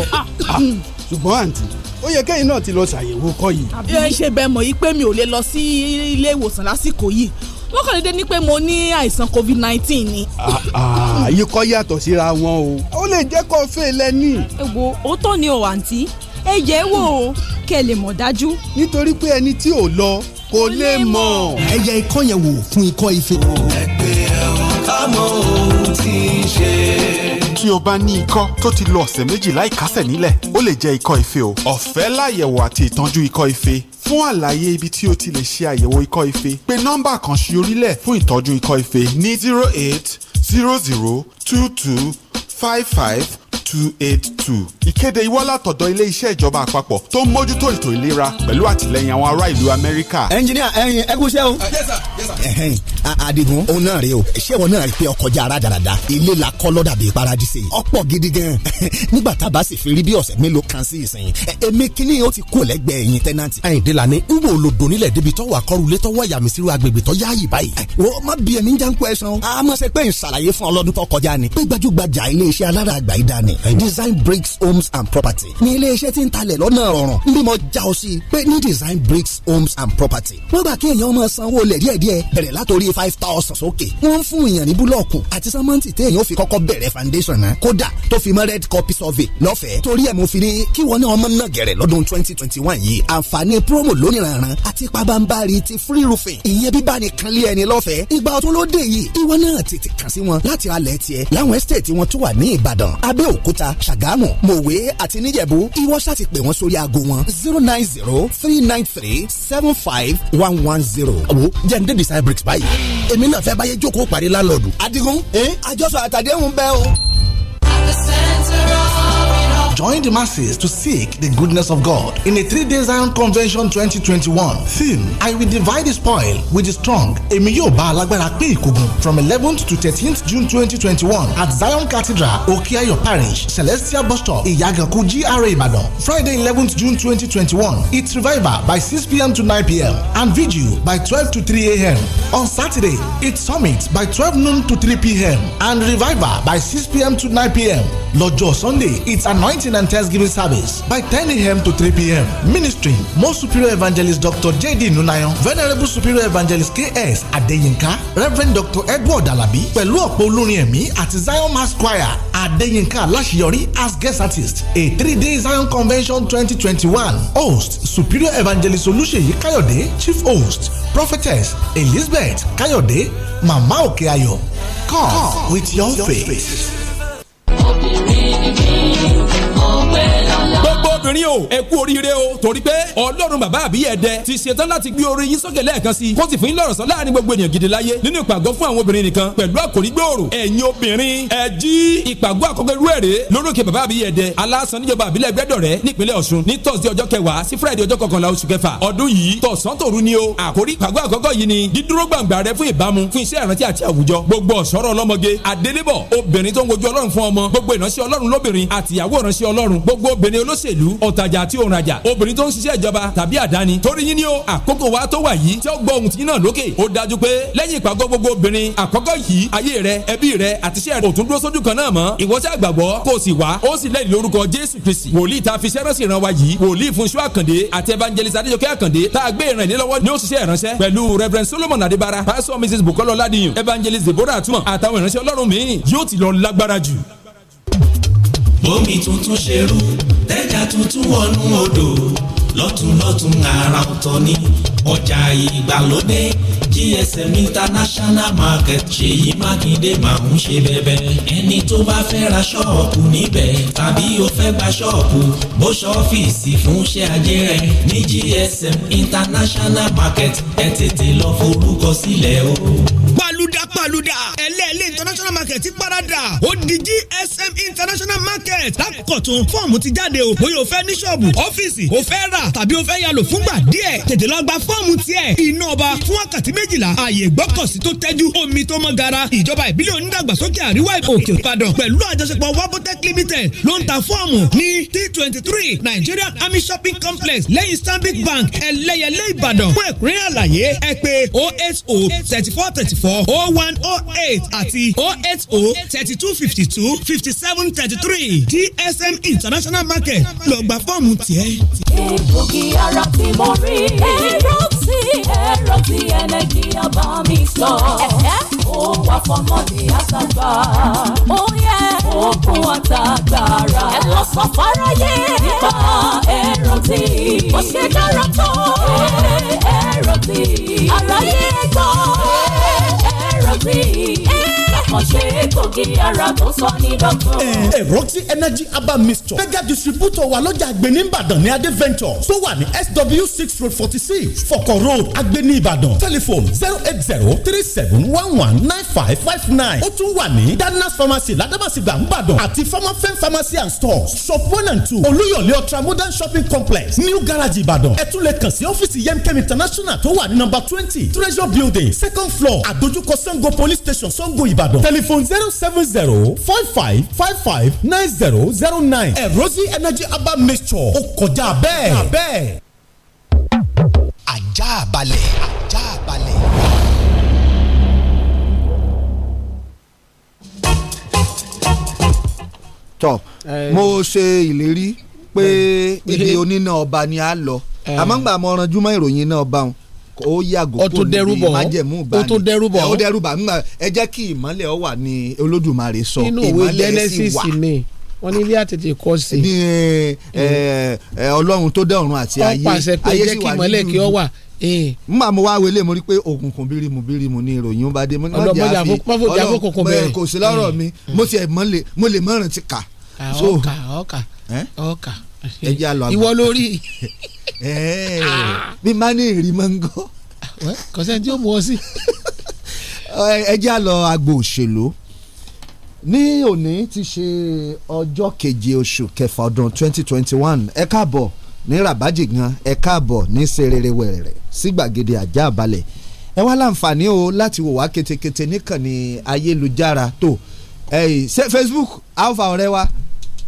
C: ṣùgbọ́n àǹtí ó yẹ kẹ́yìn náà ti lọ ṣàyẹ̀wò kọ́ yìí.
I: ẹ ṣe bẹ́ẹ̀ mọ̀ yìí pé mi ò lè lọ sí ilé ìwòsàn lásìkò yìí wọ́n kàn dédé ní pé mo ní àìsàn covid nineteen ni. Ah,
N: ah, yìí kọ́ yàtọ̀ síra wọn
I: o ó lè jẹ́ kó fè lẹ́ni. ẹ wo òótọ́ ni o àǹtí ẹ yẹ̀ ẹ́ kẹ́ ẹ lè
C: mọ̀ dájú. nítorí pé ẹni tí ò lọ kò lè mọ̀. ẹ ikọ́ yẹn wò fún ikọ́ ife. ẹgbẹ́
F: ẹ̀rọ ká mọ ohun tí ń ṣe
C: tí o bá
N: ní ikọ́ tó ti lo ọ̀sẹ̀ méjì láìkásẹ̀ nílẹ̀ ó lè jẹ́ ikọ́ ife o ọ̀fẹ́ láyẹ̀wò àti ìtọ́jú ikọ́ ife fún àlàyé ibi tí o ti lè ṣe àyẹ̀wò ikọ́ ife pé nọ́mbà kan sí orílẹ̀
B: fún ìtọ́jú ikọ́ ife ní zero eight zero zero two two five
N: five two eight two. ìkéde ìwọ́lá tọ̀dọ̀ ilé iṣẹ́ ìjọba àpapọ̀ tó ń mójútó ètò ìlera pẹ̀lú àtìlẹyìn àwọn ará ìlú Amẹ́ríkà. ẹnjiníà ẹyin ẹ kú iṣẹ́ o. ẹhìn
L: Adigun òun náà rèé o ṣé wọn náà rí pé ọkọjá ara dáradára ilé la kọ́ lọ́dàbí paradise ọ̀pọ̀
C: gidi gan nígbà tá a bá sì fi rí bí ọ̀sẹ̀ mélòó kan sí ìsìn èmi kíní ó ti kú lẹ́gbẹ̀ẹ́ yín tẹ́nanti. Àyìndé la ní n wò ló donílẹ̀ débi tọ́wọ́ akọ́rùlé tọ́wọ́ yàmísírù agbègbè tọ́ yáàyè báyìí. wọ́n má bí ẹni jẹ́ ń kú ẹ̀sán. a máa ṣe pé ń ṣàlàyé fún ọlọ́dún tó kọjá ni. pé gbajúgbajà ilé iṣẹ́ alára
L: àgbà company design bricks homes and property ní iléeṣẹ́ tí ń talẹ̀ lọ́nà ọ̀ràn ń bímọ já ọ sí pé ní design bricks homes and property wọ́n gbà kí èèyàn máa sanwó lẹ̀ díẹ̀díẹ̀ bẹ̀rẹ̀ látòrí five thousand sókè wọ́n ń fún èèyàn ní búlọ́ọ̀kù àti sẹ́mọ́ǹtì téèyàn fi kọ́kọ́ bẹ̀rẹ̀ foundation náà kódà tó fi mọ́ red copy survey lọ́fẹ̀ẹ́ torí ẹ̀ mo fi ní kí wọ́n ní ọmọ náà gẹ̀rẹ̀ lọ́dún twenty twenty one yìí àǹfààní promo lóníranran àti pabambari ti free roofing ìyẹn bíbá ni kan lé ẹni lọ́fẹ̀ẹ́ ìgbà ọ̀tún ló dé yìí ìwọ náà tètè kàn sí wọn láti alẹ̀ tiẹ̀ láwọn Abẹ́òkúta Ṣàgámù Mòwe àti níjẹ̀bú ìwọ ti pè wọ́n sórí aago wọn zero nine
C: zero three nine three seven five one one zero. àwo jẹ́ndé design bricks báyìí èmi náà fẹ́ báyé jókòó parí lálọ́ọ̀dù. Adigun àjọsọ àtàdéhùn bẹ́ẹ̀ o. at the
F: center of
O: join the masses to seek the goodness of God in a three day Zion Convention 2021 theme I will divide the spoil with the strong From 11th to 13th June 2021 at Zion Cathedral Okiayo Parish Celestia Bus Stop Iyaganku GRA Ibadan Friday 11th June 2021 its revival by 6pm to 9pm and vigil by 12 to 3am on Saturday its summit by 12 noon to 3pm and revival by 6pm to 9pm lọ́jọ́ Sunday its anointing Anointing and Thanksgiving service by 10 a.m. to 3 p.m. Ministry Most Superior Evangelist Dr. J.D. Nunayon, Venerable Superior Evangelist K.S. Adeyinka, Reverend Dr. Edward Alabi, pẹ̀lú ọ̀pọ̀ olórin ẹ̀mí àti Zion Mass Choir Adeyinka Alasiyori as guest artist. A three-day Zion Convention 2021 host Superior Evangelist Olúṣèyí Kayode, Chief host Prophetess Elizabeth Kayode, Mama Okeayo.
D: Come, Come
O: with your, your faith. faith.
D: obìnrin o ẹ kú oríire o torí pé ọlọ́run bàbá àbí ẹ̀dẹ ti ṣetán láti gbé orí yín sókè lẹ́ẹ̀kan sí kó sì fún yín lọ́rọ̀ sọ láàrin gbogbo ènìyàn gidi láyé nínú ìpàgọ́ fún àwọn obìnrin nìkan pẹ̀lú àkòrí gbòòrò ẹ̀yin obìnrin ẹ jí ìpàgọ́ àkọ́kọ́ irú èrè lórókè bàbá àbí ẹ̀dẹ alásan níjọba àbílẹ̀ gbẹ́dọ̀rẹ́ nípínlẹ̀ ọ̀ṣun ní tọ́sídẹ̀ẹ́ ọjọ́ kẹwàá sí friday ọjọ́ kọkànlá oṣù kẹfà ọdún yìí o àkòrí ìpàgọ́ àkọ́kọ́ yìí ni dídúró gbàǹgbà rẹ fún ìbámu fún iṣẹ́ ìrántí àti àwùjọ gbogbo ọ̀ṣọ́rọ̀ ọlọ́mọge àdélébọ̀ obìnrin tó ń wojú ọlọ́run fún ọmọ gbogbo ìránṣẹ́ ọlọ́run lóbìnrin àtìyàwó ìlú ọ̀tajà àti òǹrajà obìnrin tó ń ṣiṣẹ́ ìjọba tàbí àdáni torí yín ni ó àkókò wa tó wà yìí tí ó gbọ́ ohùn tí yín náà lókè ó dájú pé lẹ́yìn ìpàgọ́ gbogbo obìnrin àkọ́kọ́ yìí ayé rẹ ẹbí rẹ àtiṣẹ́ rẹ òtún dúró sójú kan náà mọ́ ìwọ́sẹ̀ àgbàgbọ́ kò sì wá ó sì lẹ́yìn lórúkọ Jésù Kristi wòlíì tá fi sẹ́rẹ́sì ìran wa yìí wòlíì Fúnṣọ́ Àkàndé àti evangelist Adéjọkẹ́ Àkàndé tá a gbé ìrìn lélọ́wọ́ ní òṣìṣẹ́ ìránṣẹ́ pẹ̀lú Reverend Solomon Adébára Pastor Mrs Bukola Ladiyan evangelist Deborah Atuma àtàwọn ìránṣẹ́ Ọlọ́run míì yóò ti lọ lágbára jù bómi tuntun ṣe rú tẹ́jà tuntun wọnú odò
H: lọ́tùnlọ́tùn àrà ọ̀tọ̀ ni ọjà ìgbàlódé GSM International Market ṣèyí mákindé máa ń ṣe bẹbẹ ẹni tó bá fẹ́ ra ṣọ́ọ̀pù níbẹ̀ tàbí o fẹ́ gba ṣọ́ọ̀pù bó ṣọ́ọ̀fìsì fún iṣẹ́ ajé rẹ ní GSM International Market ẹ tètè lọ forúkọ sílẹ̀ o
C: pàlùdàpàlùdà ẹlẹ́ẹ̀lẹ́ international market ti parada ó di gsm international market lákọ̀tún fọ́ọ̀mù ti jáde o bóyá o fẹ́ ní ṣọ́ọ̀bù ọ́fíìsì o fẹ́ rà tàbí o fẹ́ yálò fúngbà díẹ̀ tètè lọ gba fọ́ọ̀mù tiẹ̀ iná ọba fún wákàtí méjìlá ààyè gbọ́kọ̀sí tó tẹ́jú omi tó mọ́ gara ìjọba ìbílẹ̀ onídàgbàsókè àríwá òkè ìbàdàn pẹ̀lú àjọṣepọ̀ wabotec limited ló ń ta fọ́ọ̀mù ní t twenty three nigerian army shopping complex lẹ́yìn stanbic bank ẹlẹ́yẹlé ìbàdàn fún ẹ̀kúnrẹ́ àlàyé ẹ pé oh eight oh thirty four thirty four oh one oh eight àti oh eight oh thirty two fifty two fifty seven thirty
I: three dsm international market lọ gba fọ́ọ̀mù tiẹ̀. egbògi ara tí mo rí ẹ̀rọ tí ẹ̀rọ tí ẹnẹ́gì ọba mi sọ ó wà fọmọdé àtàgbà ó yẹ òkun àtàgbàrà ẹ lọ sọ fáráyé nípa ẹ̀rọ tí ó ṣe dára tó ẹ̀rọ tí aráyé gbọ́ bí. Hey àkànṣe egbògi ara tó
C: energy herbal mixture mega distributor wa lọ́jà àgbẹ̀ní Ìbàdàn ní Adé ventures tó wà ní SW six road forty six Fọkọ̀ road àgbẹ̀ní Ìbàdàn telephone zero eight zero three seven one one nine five five nine ó tún wà ní Danas pharmacy Ládàmàsígbà Ìbàdàn àti former pharmacy and stores shop one and two Olúyọ̀lé Ultra modern shopping complex New Garage Ìbàdàn ẹ tún lè kàn sí ọ́fíìsì Yemkem international tó wà ní number twenty Treasure building second floor àdójúkọ Sango police station Sango Ìbàdàn telephone zero seven zero five five five five nine zero zero nine erosi energy herbal mixture ó kọjá bẹ́ẹ̀. bẹ́ẹ̀. ajá balẹ̀ ajá balẹ̀.
L: tọ́ eh. mo ṣe ìlérí pé eh. ibi oníná ọba ni a lọ eh. àmọ́ ń gbà mọ́ ọ̀rànjú mọ́ ìròyìn náà bá wọn ó yàgò kó níbi májẹ̀mú ìbàní ó tún dẹ́rù bọ̀ ó dẹ́rù bà nígbà ẹ jẹ́ kí ìmọ́lẹ̀ ọ wà ní olódùmarè sọ ìmọ́lẹ̀ sì wà
P: wọ́n ní ilé àtètè kọ́
L: sí. ní ọlọ́run tó dá ọ̀run àti ayé ayé sì wà nínú mma mo wá wele mo rí pé òkùnkùn bírímù bírímù ni ìròyìn bá dé mo náà jà fi ọlọ kò sí lọ́rọ̀ mi mo lè mọ̀ràn ti kà. ọkà
P: ọkà ọkà ẹ jẹ́ àlọ́ àgbà. ìwọ
L: lórí. Ah. bí má ní ìrì mọ́ ń gọ́. kọ́sẹ́ tí ó mú ọ sí. ẹ jẹ́ àlọ́ àgbò òṣèlú ní òní ti ṣe ọjọ́ keje oṣù kẹfà ọdún twenty ẹ káàbọ̀ ní rabaji gan ẹ káàbọ̀ ní serere wẹ̀rẹ̀ sí gbàgede àjà àbálẹ̀ ẹ wá láǹfààní o láti wò wá ketekete níkànnì ayélujára tó ẹ ṣe Facebook alfa ọ̀rẹ́ wa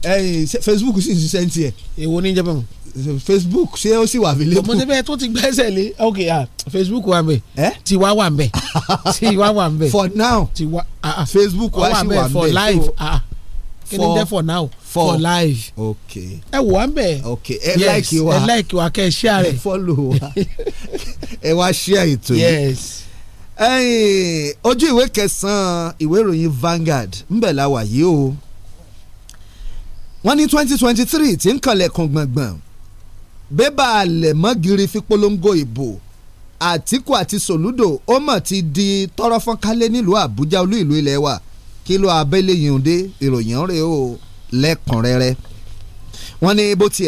P: ẹyin facebook sì ń ṣiṣẹ́ ń tiẹ̀. èwo ní jẹ́bẹ̀mù. facebook ṣé ó sì wà available. mo ti bẹ́ẹ̀ tó ti gbẹ́sẹ̀ lé ok ah facebook wà mbẹ̀. ẹ tiwa wà mbẹ̀ tiwa wà mbẹ̀. for now tiwa ah ah facebook wà sí wà mbẹ̀ for life ah, ah kí ni jẹ́ for now for, life. ok ẹ wò wá mbẹ̀.
L: ok ẹ like wa ẹ
P: like wa kẹ ẹ share rẹ. ẹ follow wa
L: ẹ wá share ètò yìí. yes. ẹyin ojú ìwé kẹsàn-án ìwé ìròyìn Vanguard ńbẹ̀ la wà yìí o wọ́n ní twenty twenty three ti ń kanlẹ̀kùn gbọ̀ngbọ̀n bébà àlẹ̀mọ́gìrì fi polongo ìbò Àtíkù àti Sòlúdò ó mọ̀ ti di tọ́rọ́fọ́n kálẹ̀ nílùú Àbújá olú ìlú ilẹ̀ wa kí ló abẹ́lé yìnyín dé ìròyìn rẹ̀ ó lẹ́kùnrẹ́rẹ́ wọ́n ní bó tiẹ̀